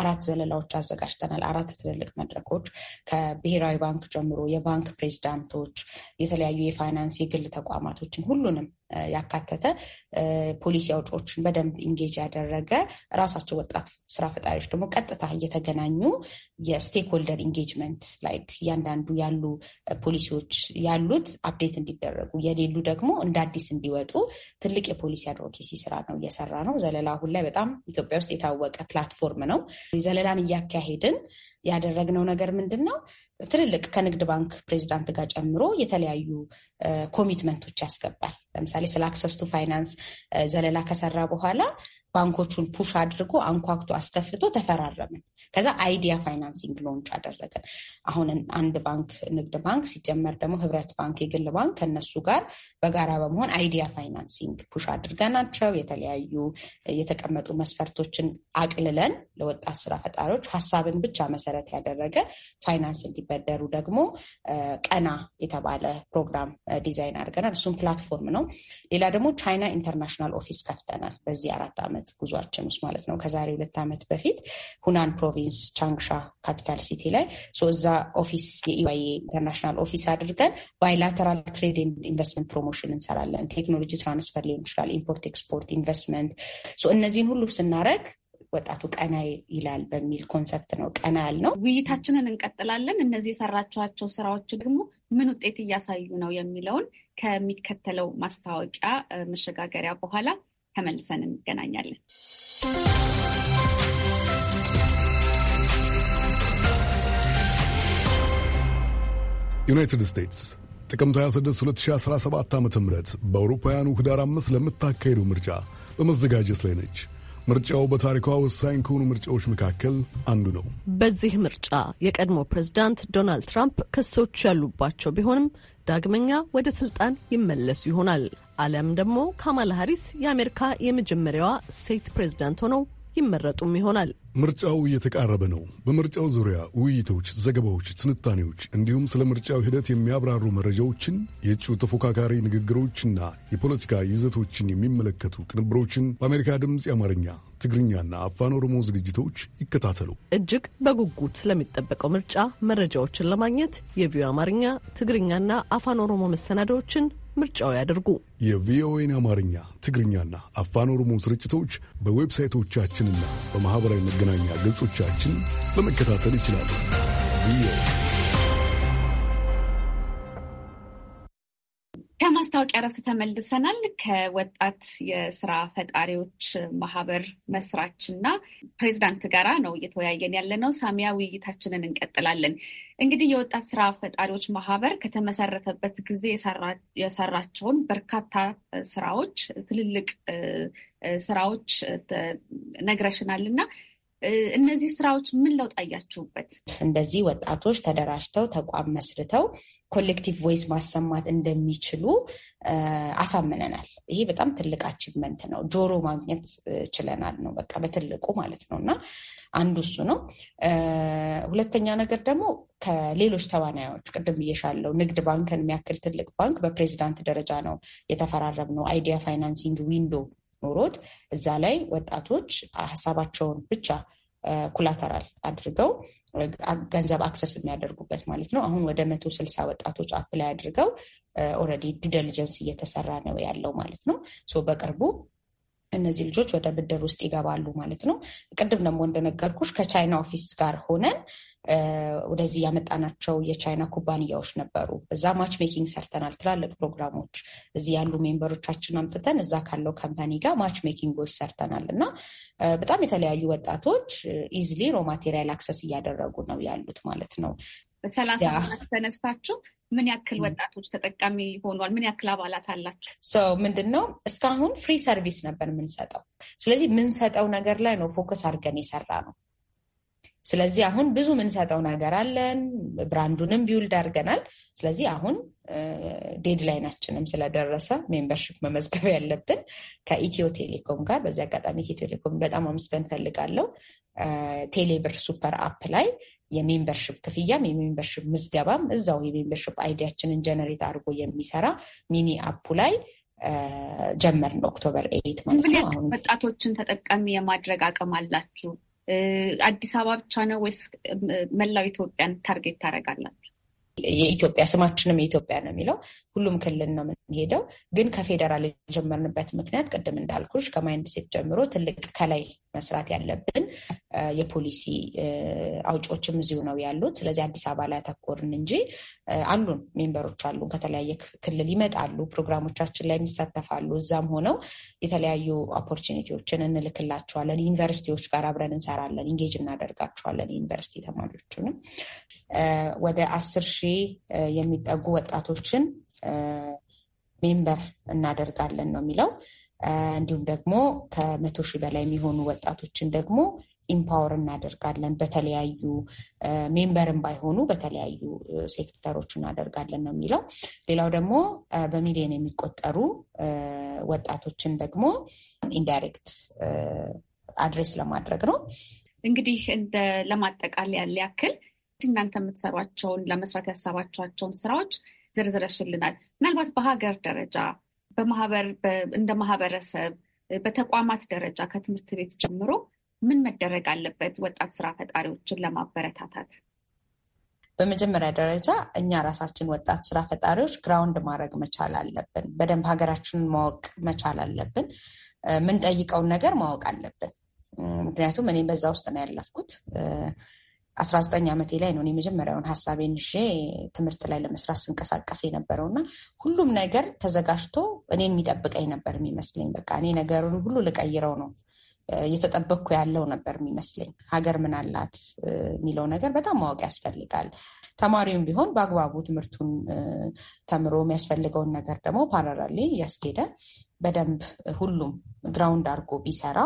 አራት ዘለላዎች አዘጋጅተናል። አራት ትልልቅ መድረኮች ከብሔራዊ ባንክ ጀምሮ የባንክ ፕሬዚዳንቶች፣ የተለያዩ የፋይናንስ የግል ተቋማቶችን ሁሉንም ያካተተ ፖሊሲ አውጪዎችን በደንብ ኢንጌጅ ያደረገ ራሳቸው ወጣት ስራ ፈጣሪዎች ደግሞ ቀጥታ እየተገናኙ የስቴክሆልደር ኢንጌጅመንት ላይ እያንዳንዱ ያሉ ፖሊሲዎች ያሉት አፕዴት እንዲደረጉ የሌሉ ደግሞ እንደ አዲስ እንዲወጡ ትልቅ የፖሊሲ አድቮኬሲ ስራ ነው እየሰራ ነው። ዘለላ አሁን ላይ በጣም ኢትዮጵያ ውስጥ የታወቀ ፕላትፎርም ነው። ዘለላን እያካሄድን ያደረግነው ነገር ምንድን ነው? ትልልቅ ከንግድ ባንክ ፕሬዚዳንት ጋር ጨምሮ የተለያዩ ኮሚትመንቶች ያስገባል። ለምሳሌ ስለ አክሰስ ቱ ፋይናንስ ዘለላ ከሰራ በኋላ ባንኮቹን ፑሽ አድርጎ አንኳኩቶ አስከፍቶ ተፈራረምን። ከዛ አይዲያ ፋይናንሲንግ ሎንች አደረግን። አሁን አንድ ባንክ ንግድ ባንክ ሲጀመር ደግሞ ህብረት ባንክ የግል ባንክ ከነሱ ጋር በጋራ በመሆን አይዲያ ፋይናንሲንግ ፑሽ አድርገናቸው የተለያዩ የተቀመጡ መስፈርቶችን አቅልለን ለወጣት ስራ ፈጣሪዎች ሀሳብን ብቻ መሰረት ያደረገ ፋይናንስ እንዲበደሩ ደግሞ ቀና የተባለ ፕሮግራም ዲዛይን አድርገናል። እሱም ፕላትፎርም ነው። ሌላ ደግሞ ቻይና ኢንተርናሽናል ኦፊስ ከፍተናል በዚህ አራት ዓመት ዓመት ጉዟችን ውስጥ ማለት ነው። ከዛሬ ሁለት ዓመት በፊት ሁናን ፕሮቪንስ ቻንግሻ ካፒታል ሲቲ ላይ እዛ ኦፊስ የኢዋይ ኢንተርናሽናል ኦፊስ አድርገን ባይላተራል ትሬድ ኢንቨስትመንት ፕሮሞሽን እንሰራለን። ቴክኖሎጂ ትራንስፈር ሊሆን ይችላል፣ ኢምፖርት ኤክስፖርት፣ ኢንቨስትመንት እነዚህን ሁሉ ስናረግ ወጣቱ ቀና ይላል በሚል ኮንሰፕት ነው ቀና ያልነው። ውይይታችንን እንቀጥላለን። እነዚህ የሰራችኋቸው ስራዎች ደግሞ ምን ውጤት እያሳዩ ነው የሚለውን ከሚከተለው ማስታወቂያ መሸጋገሪያ በኋላ ተመልሰን እንገናኛለን። ዩናይትድ ስቴትስ ጥቅምት 26 2017 ዓ ም በአውሮፓውያኑ ህዳር አምስት ለምታካሄደው ምርጫ በመዘጋጀት ላይ ነች። ምርጫው በታሪኳ ወሳኝ ከሆኑ ምርጫዎች መካከል አንዱ ነው። በዚህ ምርጫ የቀድሞ ፕሬዝዳንት ዶናልድ ትራምፕ ክሶች ያሉባቸው ቢሆንም ዳግመኛ ወደ ስልጣን ይመለሱ ይሆናል። አለም ደግሞ ካማላ ሀሪስ የአሜሪካ የመጀመሪያዋ ሴት ፕሬዝዳንት ሆነው ይመረጡም ይሆናል። ምርጫው እየተቃረበ ነው። በምርጫው ዙሪያ ውይይቶች፣ ዘገባዎች፣ ትንታኔዎች እንዲሁም ስለ ምርጫው ሂደት የሚያብራሩ መረጃዎችን፣ የእጩ ተፎካካሪ ንግግሮችና የፖለቲካ ይዘቶችን የሚመለከቱ ቅንብሮችን በአሜሪካ ድምፅ የአማርኛ ትግርኛና አፋን ኦሮሞ ዝግጅቶች ይከታተሉ። እጅግ በጉጉት ስለሚጠበቀው ምርጫ መረጃዎችን ለማግኘት የቪዮ አማርኛ ትግርኛና አፋን ኦሮሞ መሰናዳዎችን ምርጫው ያደርጉ። የቪኦኤን አማርኛ፣ ትግርኛና አፋን ኦሮሞ ስርጭቶች በዌብሳይቶቻችንና በማኅበራዊ መገናኛ ገጾቻችን ለመከታተል ይችላሉ። ከማስታወቂያ ረፍት ተመልሰናል። ከወጣት የስራ ፈጣሪዎች ማህበር መስራች እና ፕሬዚዳንት ጋራ ነው እየተወያየን ያለ ነው። ሳሚያ፣ ውይይታችንን እንቀጥላለን። እንግዲህ የወጣት ስራ ፈጣሪዎች ማህበር ከተመሰረተበት ጊዜ የሰራቸውን በርካታ ስራዎች፣ ትልልቅ ስራዎች ነግረሽናል እና እነዚህ ስራዎች ምን ለውጥ አያችሁበት? እንደዚህ ወጣቶች ተደራጅተው ተቋም መስርተው ኮሌክቲቭ ቮይስ ማሰማት እንደሚችሉ አሳምነናል። ይሄ በጣም ትልቅ አቺቭመንት ነው። ጆሮ ማግኘት ችለናል ነው በቃ በትልቁ ማለት ነው። እና አንዱ እሱ ነው። ሁለተኛ ነገር ደግሞ ከሌሎች ተዋናዮች ቅድም እየሻለው ንግድ ባንክን የሚያክል ትልቅ ባንክ በፕሬዚዳንት ደረጃ ነው የተፈራረብ ነው አይዲያ ፋይናንሲንግ ዊንዶ ኑሮት እዛ ላይ ወጣቶች ሀሳባቸውን ብቻ ኩላተራል አድርገው ገንዘብ አክሰስ የሚያደርጉበት ማለት ነው። አሁን ወደ መቶ ስልሳ ወጣቶች አፕላይ አድርገው ኦልሬዲ ዲደሊጀንስ እየተሰራ ነው ያለው ማለት ነው። በቅርቡ እነዚህ ልጆች ወደ ብድር ውስጥ ይገባሉ ማለት ነው። ቅድም ደግሞ እንደነገርኩሽ ከቻይና ኦፊስ ጋር ሆነን ወደዚህ ያመጣናቸው የቻይና ኩባንያዎች ነበሩ። እዛ ማች ሜኪንግ ሰርተናል። ትላልቅ ፕሮግራሞች እዚህ ያሉ ሜምበሮቻችን አምጥተን እዛ ካለው ከምፓኒ ጋር ማች ሜኪንጎች ሰርተናል እና በጣም የተለያዩ ወጣቶች ኢዝሊ ሮ ማቴሪያል አክሰስ እያደረጉ ነው ያሉት ማለት ነው። በሰላሳ ተነስታችሁ ምን ያክል ወጣቶች ተጠቃሚ ሆኗል? ምን ያክል አባላት አላቸው? ሰው ምንድን ነው እስካሁን ፍሪ ሰርቪስ ነበር የምንሰጠው። ስለዚህ የምንሰጠው ነገር ላይ ነው ፎከስ አድርገን የሰራ ነው። ስለዚህ አሁን ብዙ የምንሰጠው ነገር አለን። ብራንዱንም ቢውልድ አድርገናል። ስለዚህ አሁን ዴድላይናችንም ስለደረሰ ሜምበርሺፕ መመዝገብ ያለብን ከኢትዮ ቴሌኮም ጋር በዚህ አጋጣሚ ኢትዮ ቴሌኮም በጣም አመስገን ፈልጋለሁ። ቴሌብር ሱፐር አፕ ላይ የሜምበርሽፕ ክፍያም የሜምበርሽፕ ምዝገባም እዛው የሜምበርሽፕ አይዲያችንን ጀነሬት አድርጎ የሚሰራ ሚኒ አፑ ላይ ጀመርን። ኦክቶበር ኤይት ማለት ነው። አሁን ወጣቶችን ተጠቃሚ የማድረግ አቅም አላችሁ? አዲስ አበባ ብቻ ነው ወይስ መላው ኢትዮጵያን ታርጌት ታደርጋላችሁ? የኢትዮጵያ ስማችንም የኢትዮጵያ ነው የሚለው ሁሉም ክልል ነው የምንሄደው። ግን ከፌዴራል የጀመርንበት ምክንያት ቅድም እንዳልኩሽ ከማይንድሴት ጀምሮ ትልቅ ከላይ መስራት ያለብን የፖሊሲ አውጪዎችም እዚሁ ነው ያሉት። ስለዚህ አዲስ አበባ ላይ ያተኮርን እንጂ አሉን ሜምበሮች አሉን ከተለያየ ክልል ይመጣሉ፣ ፕሮግራሞቻችን ላይ ይሳተፋሉ። እዛም ሆነው የተለያዩ ኦፖርቹኒቲዎችን እንልክላቸዋለን። ዩኒቨርሲቲዎች ጋር አብረን እንሰራለን፣ ኢንጌጅ እናደርጋቸዋለን። ዩኒቨርሲቲ ተማሪዎቹንም ወደ አስር ሺህ የሚጠጉ ወጣቶችን ሜምበር እናደርጋለን ነው የሚለው እንዲሁም ደግሞ ከመቶ ሺህ በላይ የሚሆኑ ወጣቶችን ደግሞ ኢምፓወር እናደርጋለን። በተለያዩ ሜምበርም ባይሆኑ በተለያዩ ሴክተሮች እናደርጋለን ነው የሚለው። ሌላው ደግሞ በሚሊዮን የሚቆጠሩ ወጣቶችን ደግሞ ኢንዳይሬክት አድሬስ ለማድረግ ነው። እንግዲህ እንደ ያለ ያክል እናንተ የምትሰሯቸውን ለመስራት ያሰባቸኋቸውን ስራዎች ዝርዝረሽልናል። ምናልባት በሀገር ደረጃ እንደ ማህበረሰብ በተቋማት ደረጃ ከትምህርት ቤት ጀምሮ ምን መደረግ አለበት ወጣት ስራ ፈጣሪዎችን ለማበረታታት? በመጀመሪያ ደረጃ እኛ ራሳችን ወጣት ስራ ፈጣሪዎች ግራውንድ ማድረግ መቻል አለብን። በደንብ ሀገራችንን ማወቅ መቻል አለብን። የምንጠይቀውን ነገር ማወቅ አለብን። ምክንያቱም እኔ በዛ ውስጥ ነው ያለፍኩት። አስራ ዘጠኝ ዓመቴ ላይ ነው መጀመሪያውን ሀሳቤን ይዤ ትምህርት ላይ ለመስራት ስንቀሳቀስ የነበረው እና ሁሉም ነገር ተዘጋጅቶ እኔን የሚጠብቀኝ ነበር የሚመስለኝ። በቃ እኔ ነገሩን ሁሉ ልቀይረው ነው እየተጠበቅኩ ያለው ነበር የሚመስለኝ። ሀገር ምን አላት የሚለው ነገር በጣም ማወቅ ያስፈልጋል። ተማሪውም ቢሆን በአግባቡ ትምህርቱን ተምሮ የሚያስፈልገውን ነገር ደግሞ ፓራራሌ እያስኬደ በደንብ ሁሉም ግራውንድ አድርጎ ቢሰራ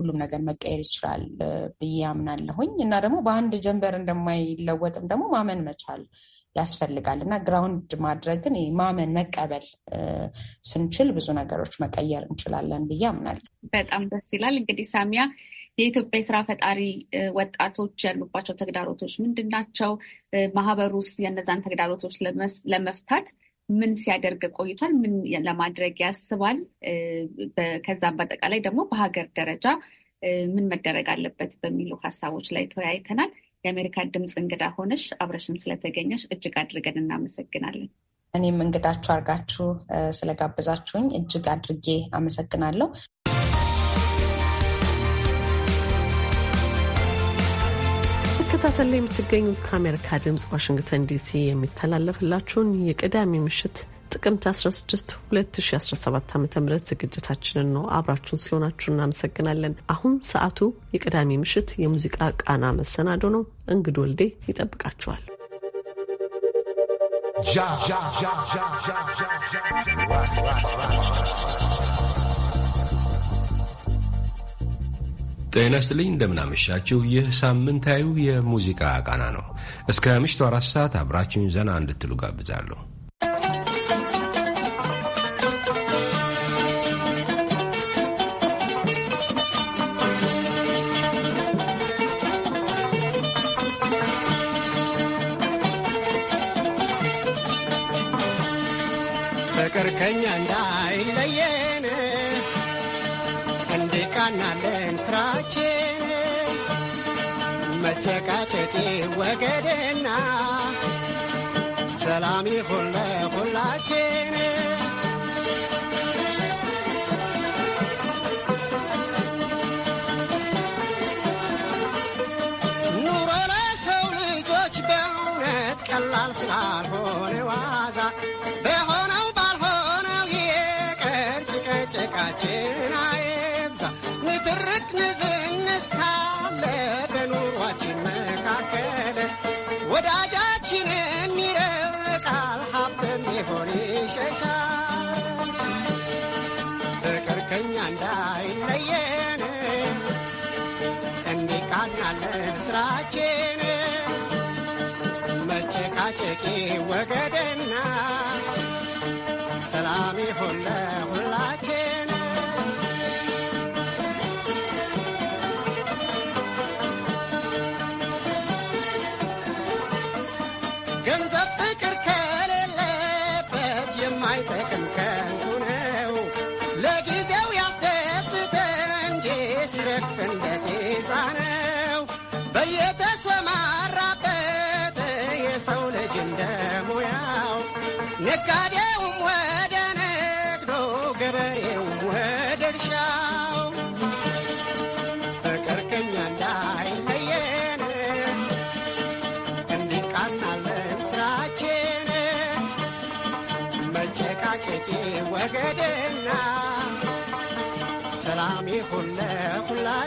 ሁሉም ነገር መቀየር ይችላል ብዬ አምናለሁኝ እና ደግሞ በአንድ ጀንበር እንደማይለወጥም ደግሞ ማመን መቻል ያስፈልጋል እና ግራውንድ ማድረግን ማመን መቀበል ስንችል ብዙ ነገሮች መቀየር እንችላለን ብዬ አምናለሁ። በጣም ደስ ይላል። እንግዲህ ሳሚያ፣ የኢትዮጵያ የስራ ፈጣሪ ወጣቶች ያሉባቸው ተግዳሮቶች ምንድን ናቸው? ማህበሩ ውስጥ የእነዛን ተግዳሮቶች ለመፍታት ምን ሲያደርግ ቆይቷል? ምን ለማድረግ ያስባል? ከዛም በአጠቃላይ ደግሞ በሀገር ደረጃ ምን መደረግ አለበት በሚሉ ሀሳቦች ላይ ተወያይተናል። የአሜሪካ ድምፅ እንግዳ ሆነሽ አብረሽን ስለተገኘሽ እጅግ አድርገን እናመሰግናለን። እኔም እንግዳችሁ አድርጋችሁ ስለጋበዛችሁኝ እጅግ አድርጌ አመሰግናለሁ። በመከታተል ላይ የምትገኙት ከአሜሪካ ድምፅ ዋሽንግተን ዲሲ የሚተላለፍላችሁን የቅዳሜ ምሽት ጥቅምት 16 2017 ዓ ም ዝግጅታችንን ነው። አብራችሁን ስለሆናችሁ እናመሰግናለን። አሁን ሰዓቱ የቅዳሜ ምሽት የሙዚቃ ቃና መሰናዶ ነው። እንግድ ወልዴ ይጠብቃችኋል። ጤና ይስጥልኝ። እንደምናመሻችሁ። ይህ ሳምንታዊው የሙዚቃ ቃና ነው። እስከ ምሽቱ አራት ሰዓት አብራችሁን ዘና እንድትሉ ጋብዛለሁ። ጨቄ ወገደና ሰላም ይሁን ለሁላችን እችን የሚረቃል ሀብትም ቢሆን ይሸሻል ፍቅር ከኛ እንዳይለየን እንዲቃናለን ስራችን መጨቃጨቂ ወገደ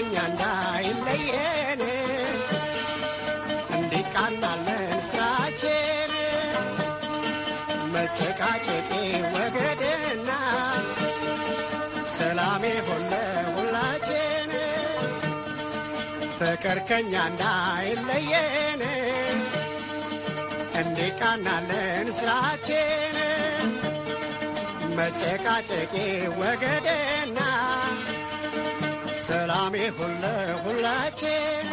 ከእኛ እንዳይለየን እንዲቃናለን ስራችን መጨቃጨቄ ወገደና ሰላሜ ሆነ ሁላችን ፍቅር ከእኛ እንዳይለየን እንዲቃናለን ስራችን መጨቃጨቄ ወገደና ሰላሜ ሁለ ሁላችን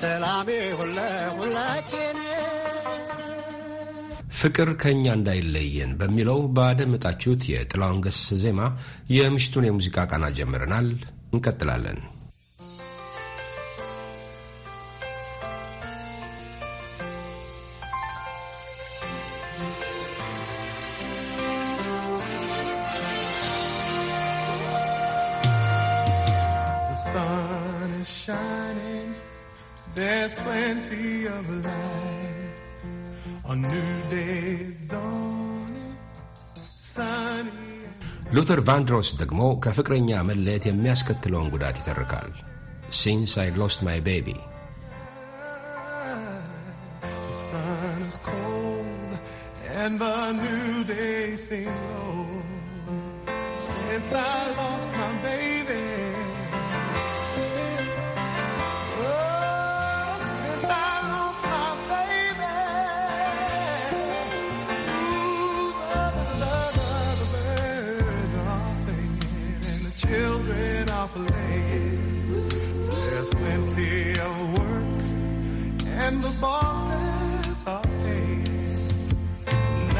ሰላሜ ሁለ ሁላችን ፍቅር ከእኛ እንዳይለየን በሚለው ባደመጣችሁት የጥላውን ገሰሰ ዜማ የምሽቱን የሙዚቃ ቃና ጀምረናል። እንቀጥላለን። ሉተር ቫንድሮስ ደግሞ ከፍቅረኛ መለየት የሚያስከትለውን ጉዳት ይተርካል። ሲንስ አይ ሎስት ማይ ቤቢ ሲንስ and the bosses are paid.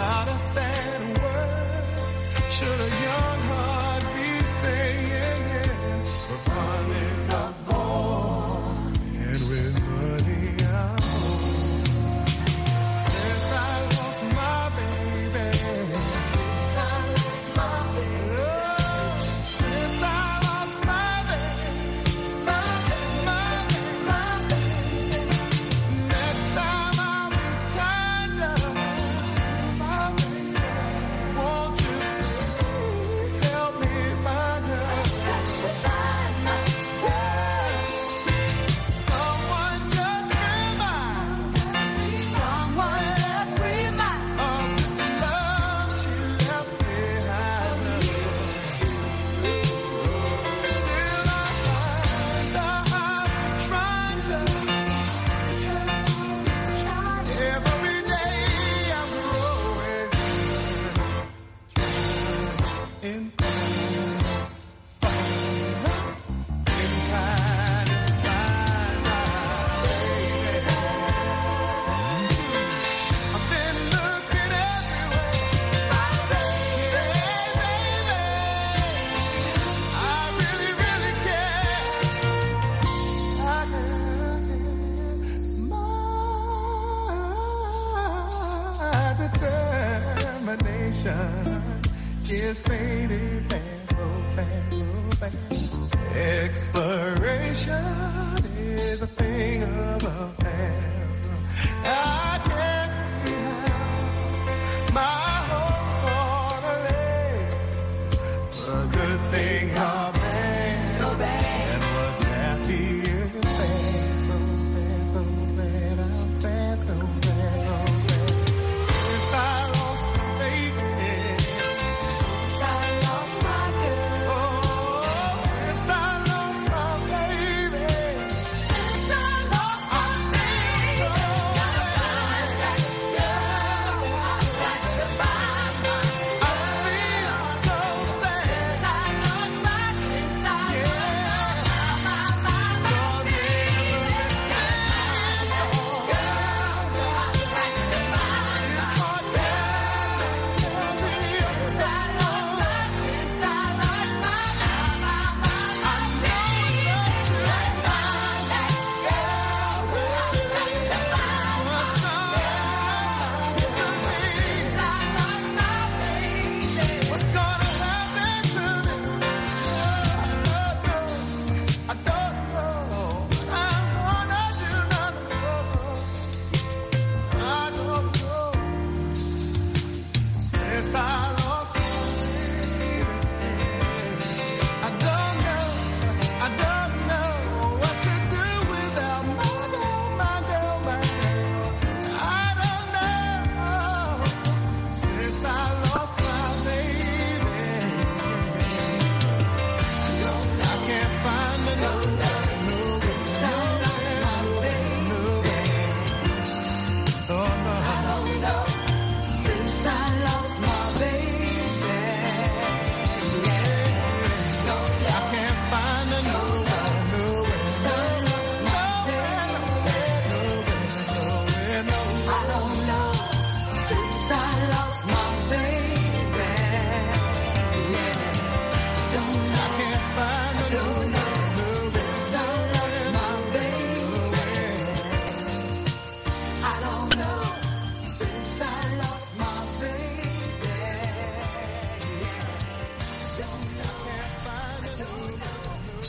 Not a sad word should a young heart be saved.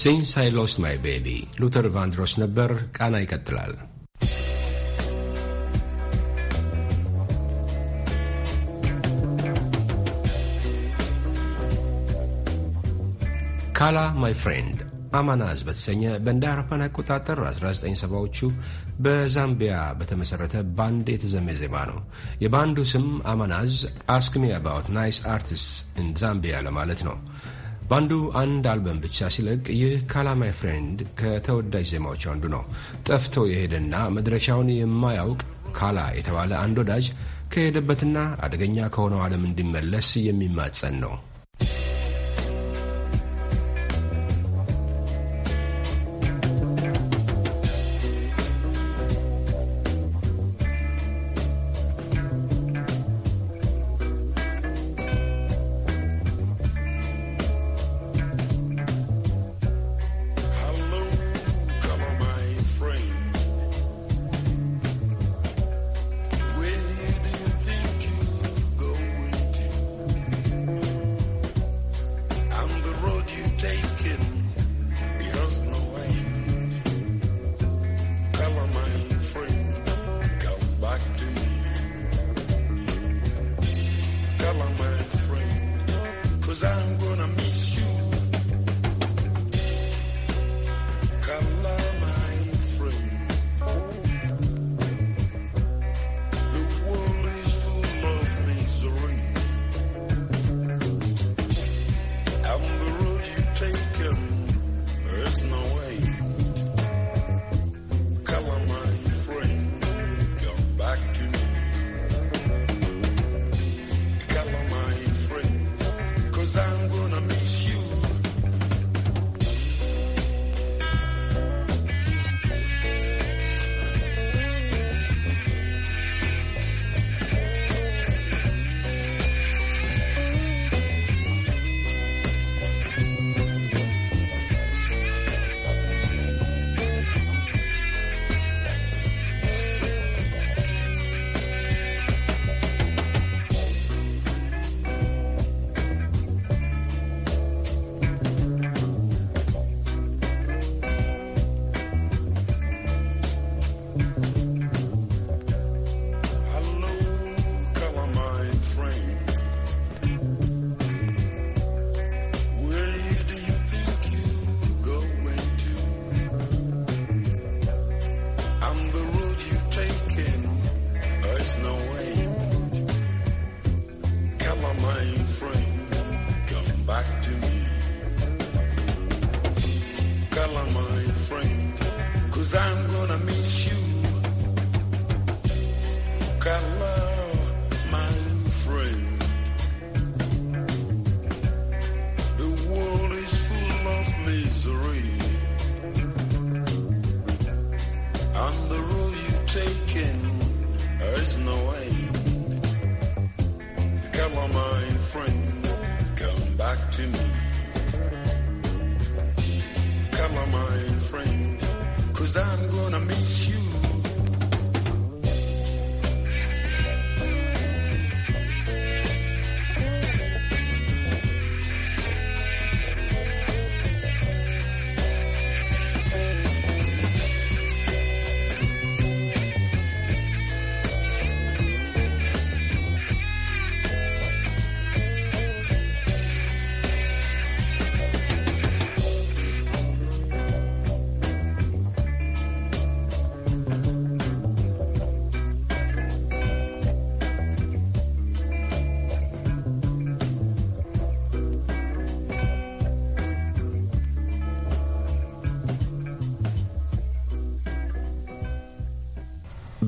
ሲንስ አይ ሎስት ማይ ቤቢ ሉተር ቫንድሮስ ነበር። ቃና ይቀጥላል። ካላ ማይ ፍሬንድ አማናዝ በተሰኘ በእንደ አውሮፓን አቆጣጠር 1970ዎቹ በዛምቢያ በተመሠረተ ባንድ የተዘመ ዜማ ነው። የባንዱ ስም አማናዝ አስክሚ አባውት ናይስ አርቲስት ኢን ዛምቢያ ለማለት ነው። ባንዱ አንድ አልበም ብቻ ሲለቅ ይህ ካላማይ ፍሬንድ ከተወዳጅ ዜማዎች አንዱ ነው። ጠፍቶ የሄደና መድረሻውን የማያውቅ ካላ የተባለ አንድ ወዳጅ ከሄደበትና አደገኛ ከሆነው ዓለም እንዲመለስ የሚማጸን ነው። gonna miss you.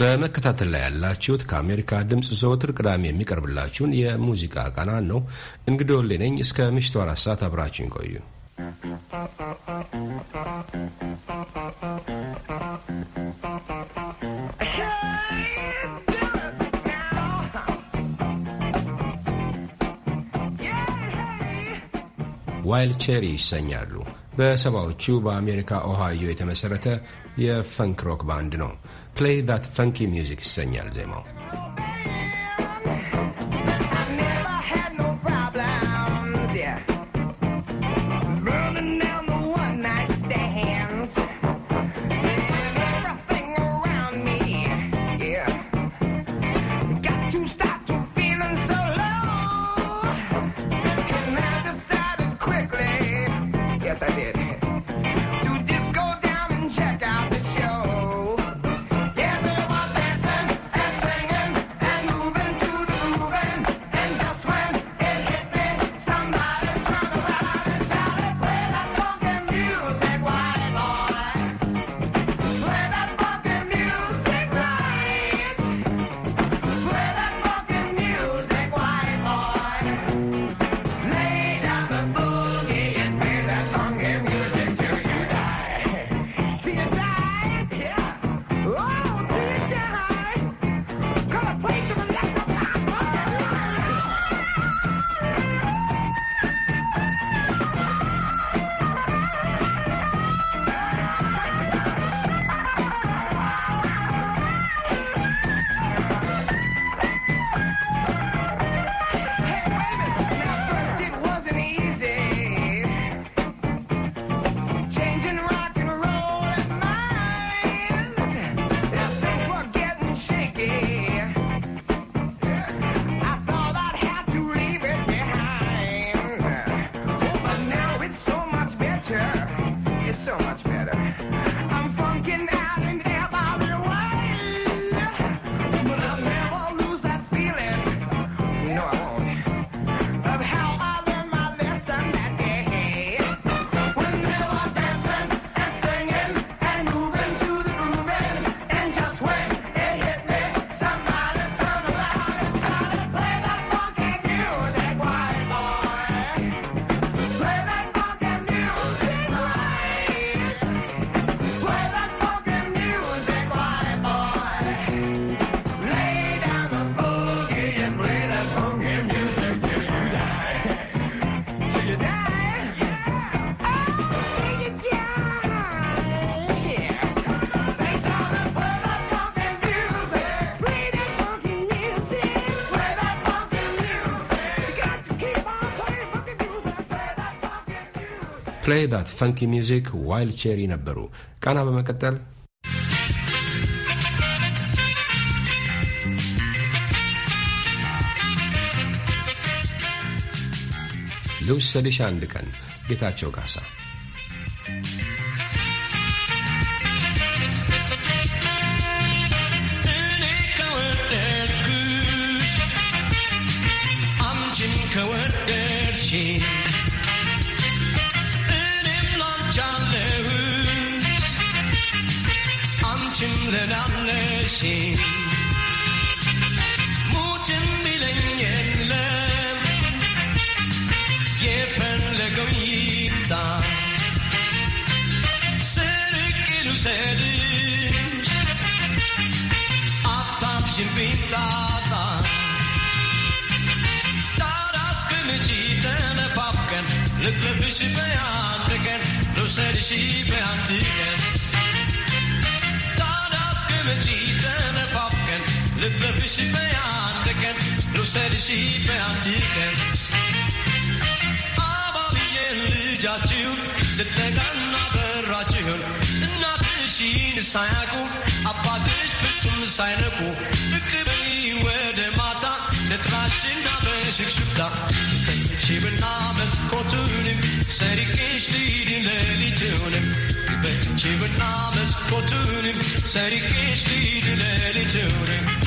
በመከታተል ላይ ያላችሁት ከአሜሪካ ድምፅ ዘወትር ቅዳሜ የሚቀርብላችሁን የሙዚቃ ቃናን ነው። እንግዲህ ወሌ ነኝ። እስከ ምሽቱ አራት ሰዓት አብራችን ቆዩ። ዋይል ቼሪ ይሰኛሉ። በሰባዎቹ በአሜሪካ ኦሃዮ የተመሠረተ የፈንክ ሮክ ባንድ ነው። play that funky music, señal demo. ፕሌይ ዛት ፈንኪ ሚውዚክ ዋይል ቼሪ ነበሩ። ቃና በመቀጠል ልውሰድሽ አንድ ቀን ጌታቸው ካሳ skivbutiken. Dansk med tiden er popken. Lyfter fisk med handduken. Nu ser det skivbutiken. Aber vi en lydatun. Lite grann aberration. Natteskine ሳያውቁ አባትሽ ፍጹም ሳይነቁ ልክ በይ ወደ ማታ ለጥራሽና በሽክሽፍታ Şirin namız kotunim, seni gençliğin eli tunim. Şirin namız kotunim, seni gençliğin eli tunim.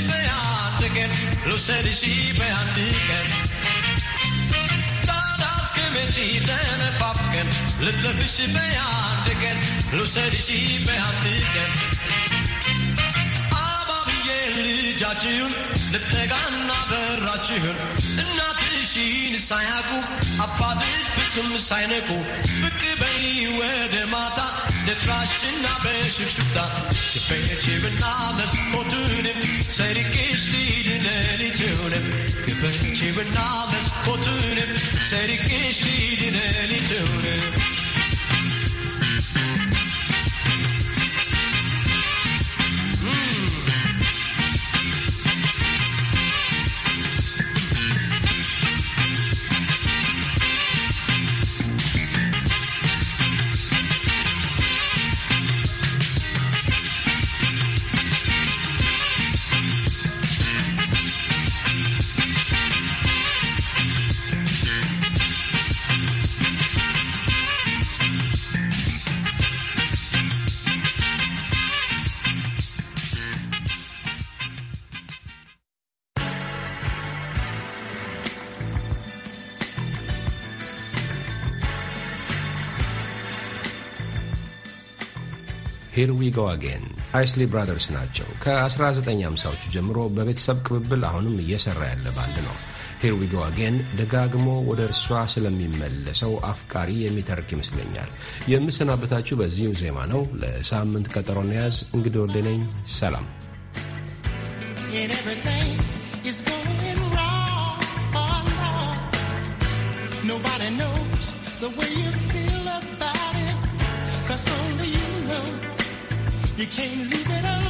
be antigen, lo sæt i sibe antigen. Danske med titane popken, lille visse be antigen, lo sæt i sibe antigen. ልጃችሁን ልጠጋና በራችሁን እናትሽን ሳያቁ አባትሽ ፍጹም Det trashinabbe shukshukta Ke pechirinab es potunim Seri kishlidin eli tunim Ke pechirinab es potunim Seri kishlidin eli tunim ሄር ዊ ጎ አጌን አይስሊ ብራዘርስ ናቸው። ከ1950ዎቹ ጀምሮ በቤተሰብ ቅብብል አሁንም እየሰራ ያለ ባንድ ነው። ሄር ዊ ጎ አጌን ደጋግሞ ወደ እርሷ ስለሚመለሰው አፍቃሪ የሚተርክ ይመስለኛል። የምሰናበታችሁ በዚሁ ዜማ ነው። ለሳምንት ቀጠሮ እንያዝ። እንግዲህ ወደነኝ ሰላም። Nobody knows the way you feel. You can't leave it alone.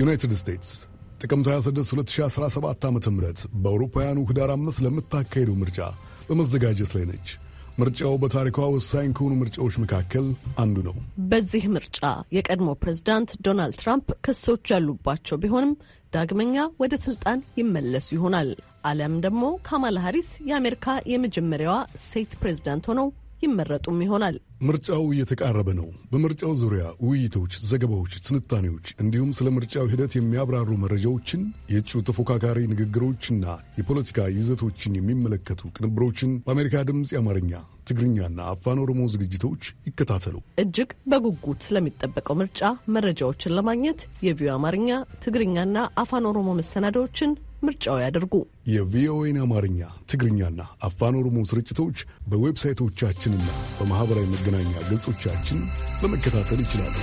ዩናይትድ ስቴትስ ጥቅምት 26 2017 ዓ ም በአውሮፓውያኑ ህዳር አምስት ለምታካሄደው ምርጫ በመዘጋጀት ላይ ነች። ምርጫው በታሪኳ ወሳኝ ከሆኑ ምርጫዎች መካከል አንዱ ነው። በዚህ ምርጫ የቀድሞ ፕሬዝዳንት ዶናልድ ትራምፕ ክሶች ያሉባቸው ቢሆንም ዳግመኛ ወደ ስልጣን ይመለሱ ይሆናል። አሊያም ደግሞ ካማላ ሀሪስ የአሜሪካ የመጀመሪያዋ ሴት ፕሬዝዳንት ሆነው ይመረጡም ይሆናል። ምርጫው እየተቃረበ ነው። በምርጫው ዙሪያ ውይይቶች፣ ዘገባዎች፣ ትንታኔዎች እንዲሁም ስለ ምርጫው ሂደት የሚያብራሩ መረጃዎችን የእጩ ተፎካካሪ ንግግሮችና የፖለቲካ ይዘቶችን የሚመለከቱ ቅንብሮችን በአሜሪካ ድምፅ የአማርኛ ትግርኛና አፋን ኦሮሞ ዝግጅቶች ይከታተሉ። እጅግ በጉጉት ስለሚጠበቀው ምርጫ መረጃዎችን ለማግኘት የቪዮ አማርኛ ትግርኛና አፋን ኦሮሞ መሰናዳዎችን ምርጫው ያደርጉ። የቪኦኤን አማርኛ፣ ትግርኛና አፋን ኦሮሞ ስርጭቶች በዌብሳይቶቻችንና በማኅበራዊ መገናኛ ገጾቻችን ለመከታተል ይችላሉ።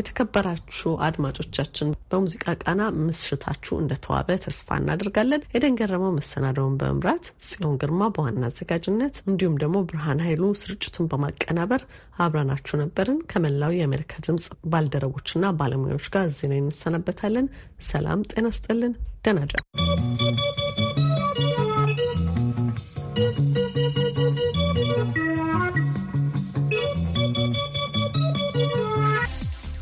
የተከበራችሁ አድማጮቻችን በሙዚቃ ቃና ምሽታችሁ እንደተዋበ ተስፋ እናደርጋለን። ኤደን ገረመው መሰናደውን በመምራት ጽዮን ግርማ በዋና አዘጋጅነት እንዲሁም ደግሞ ብርሃን ኃይሉ ስርጭቱን በማቀናበር አብረናችሁ ነበርን። ከመላው የአሜሪካ ድምፅ ባልደረቦችና ባለሙያዎች ጋር እዚህ ላይ እንሰናበታለን። ሰላም ጤና ስጠልን። ደህና እደሩ።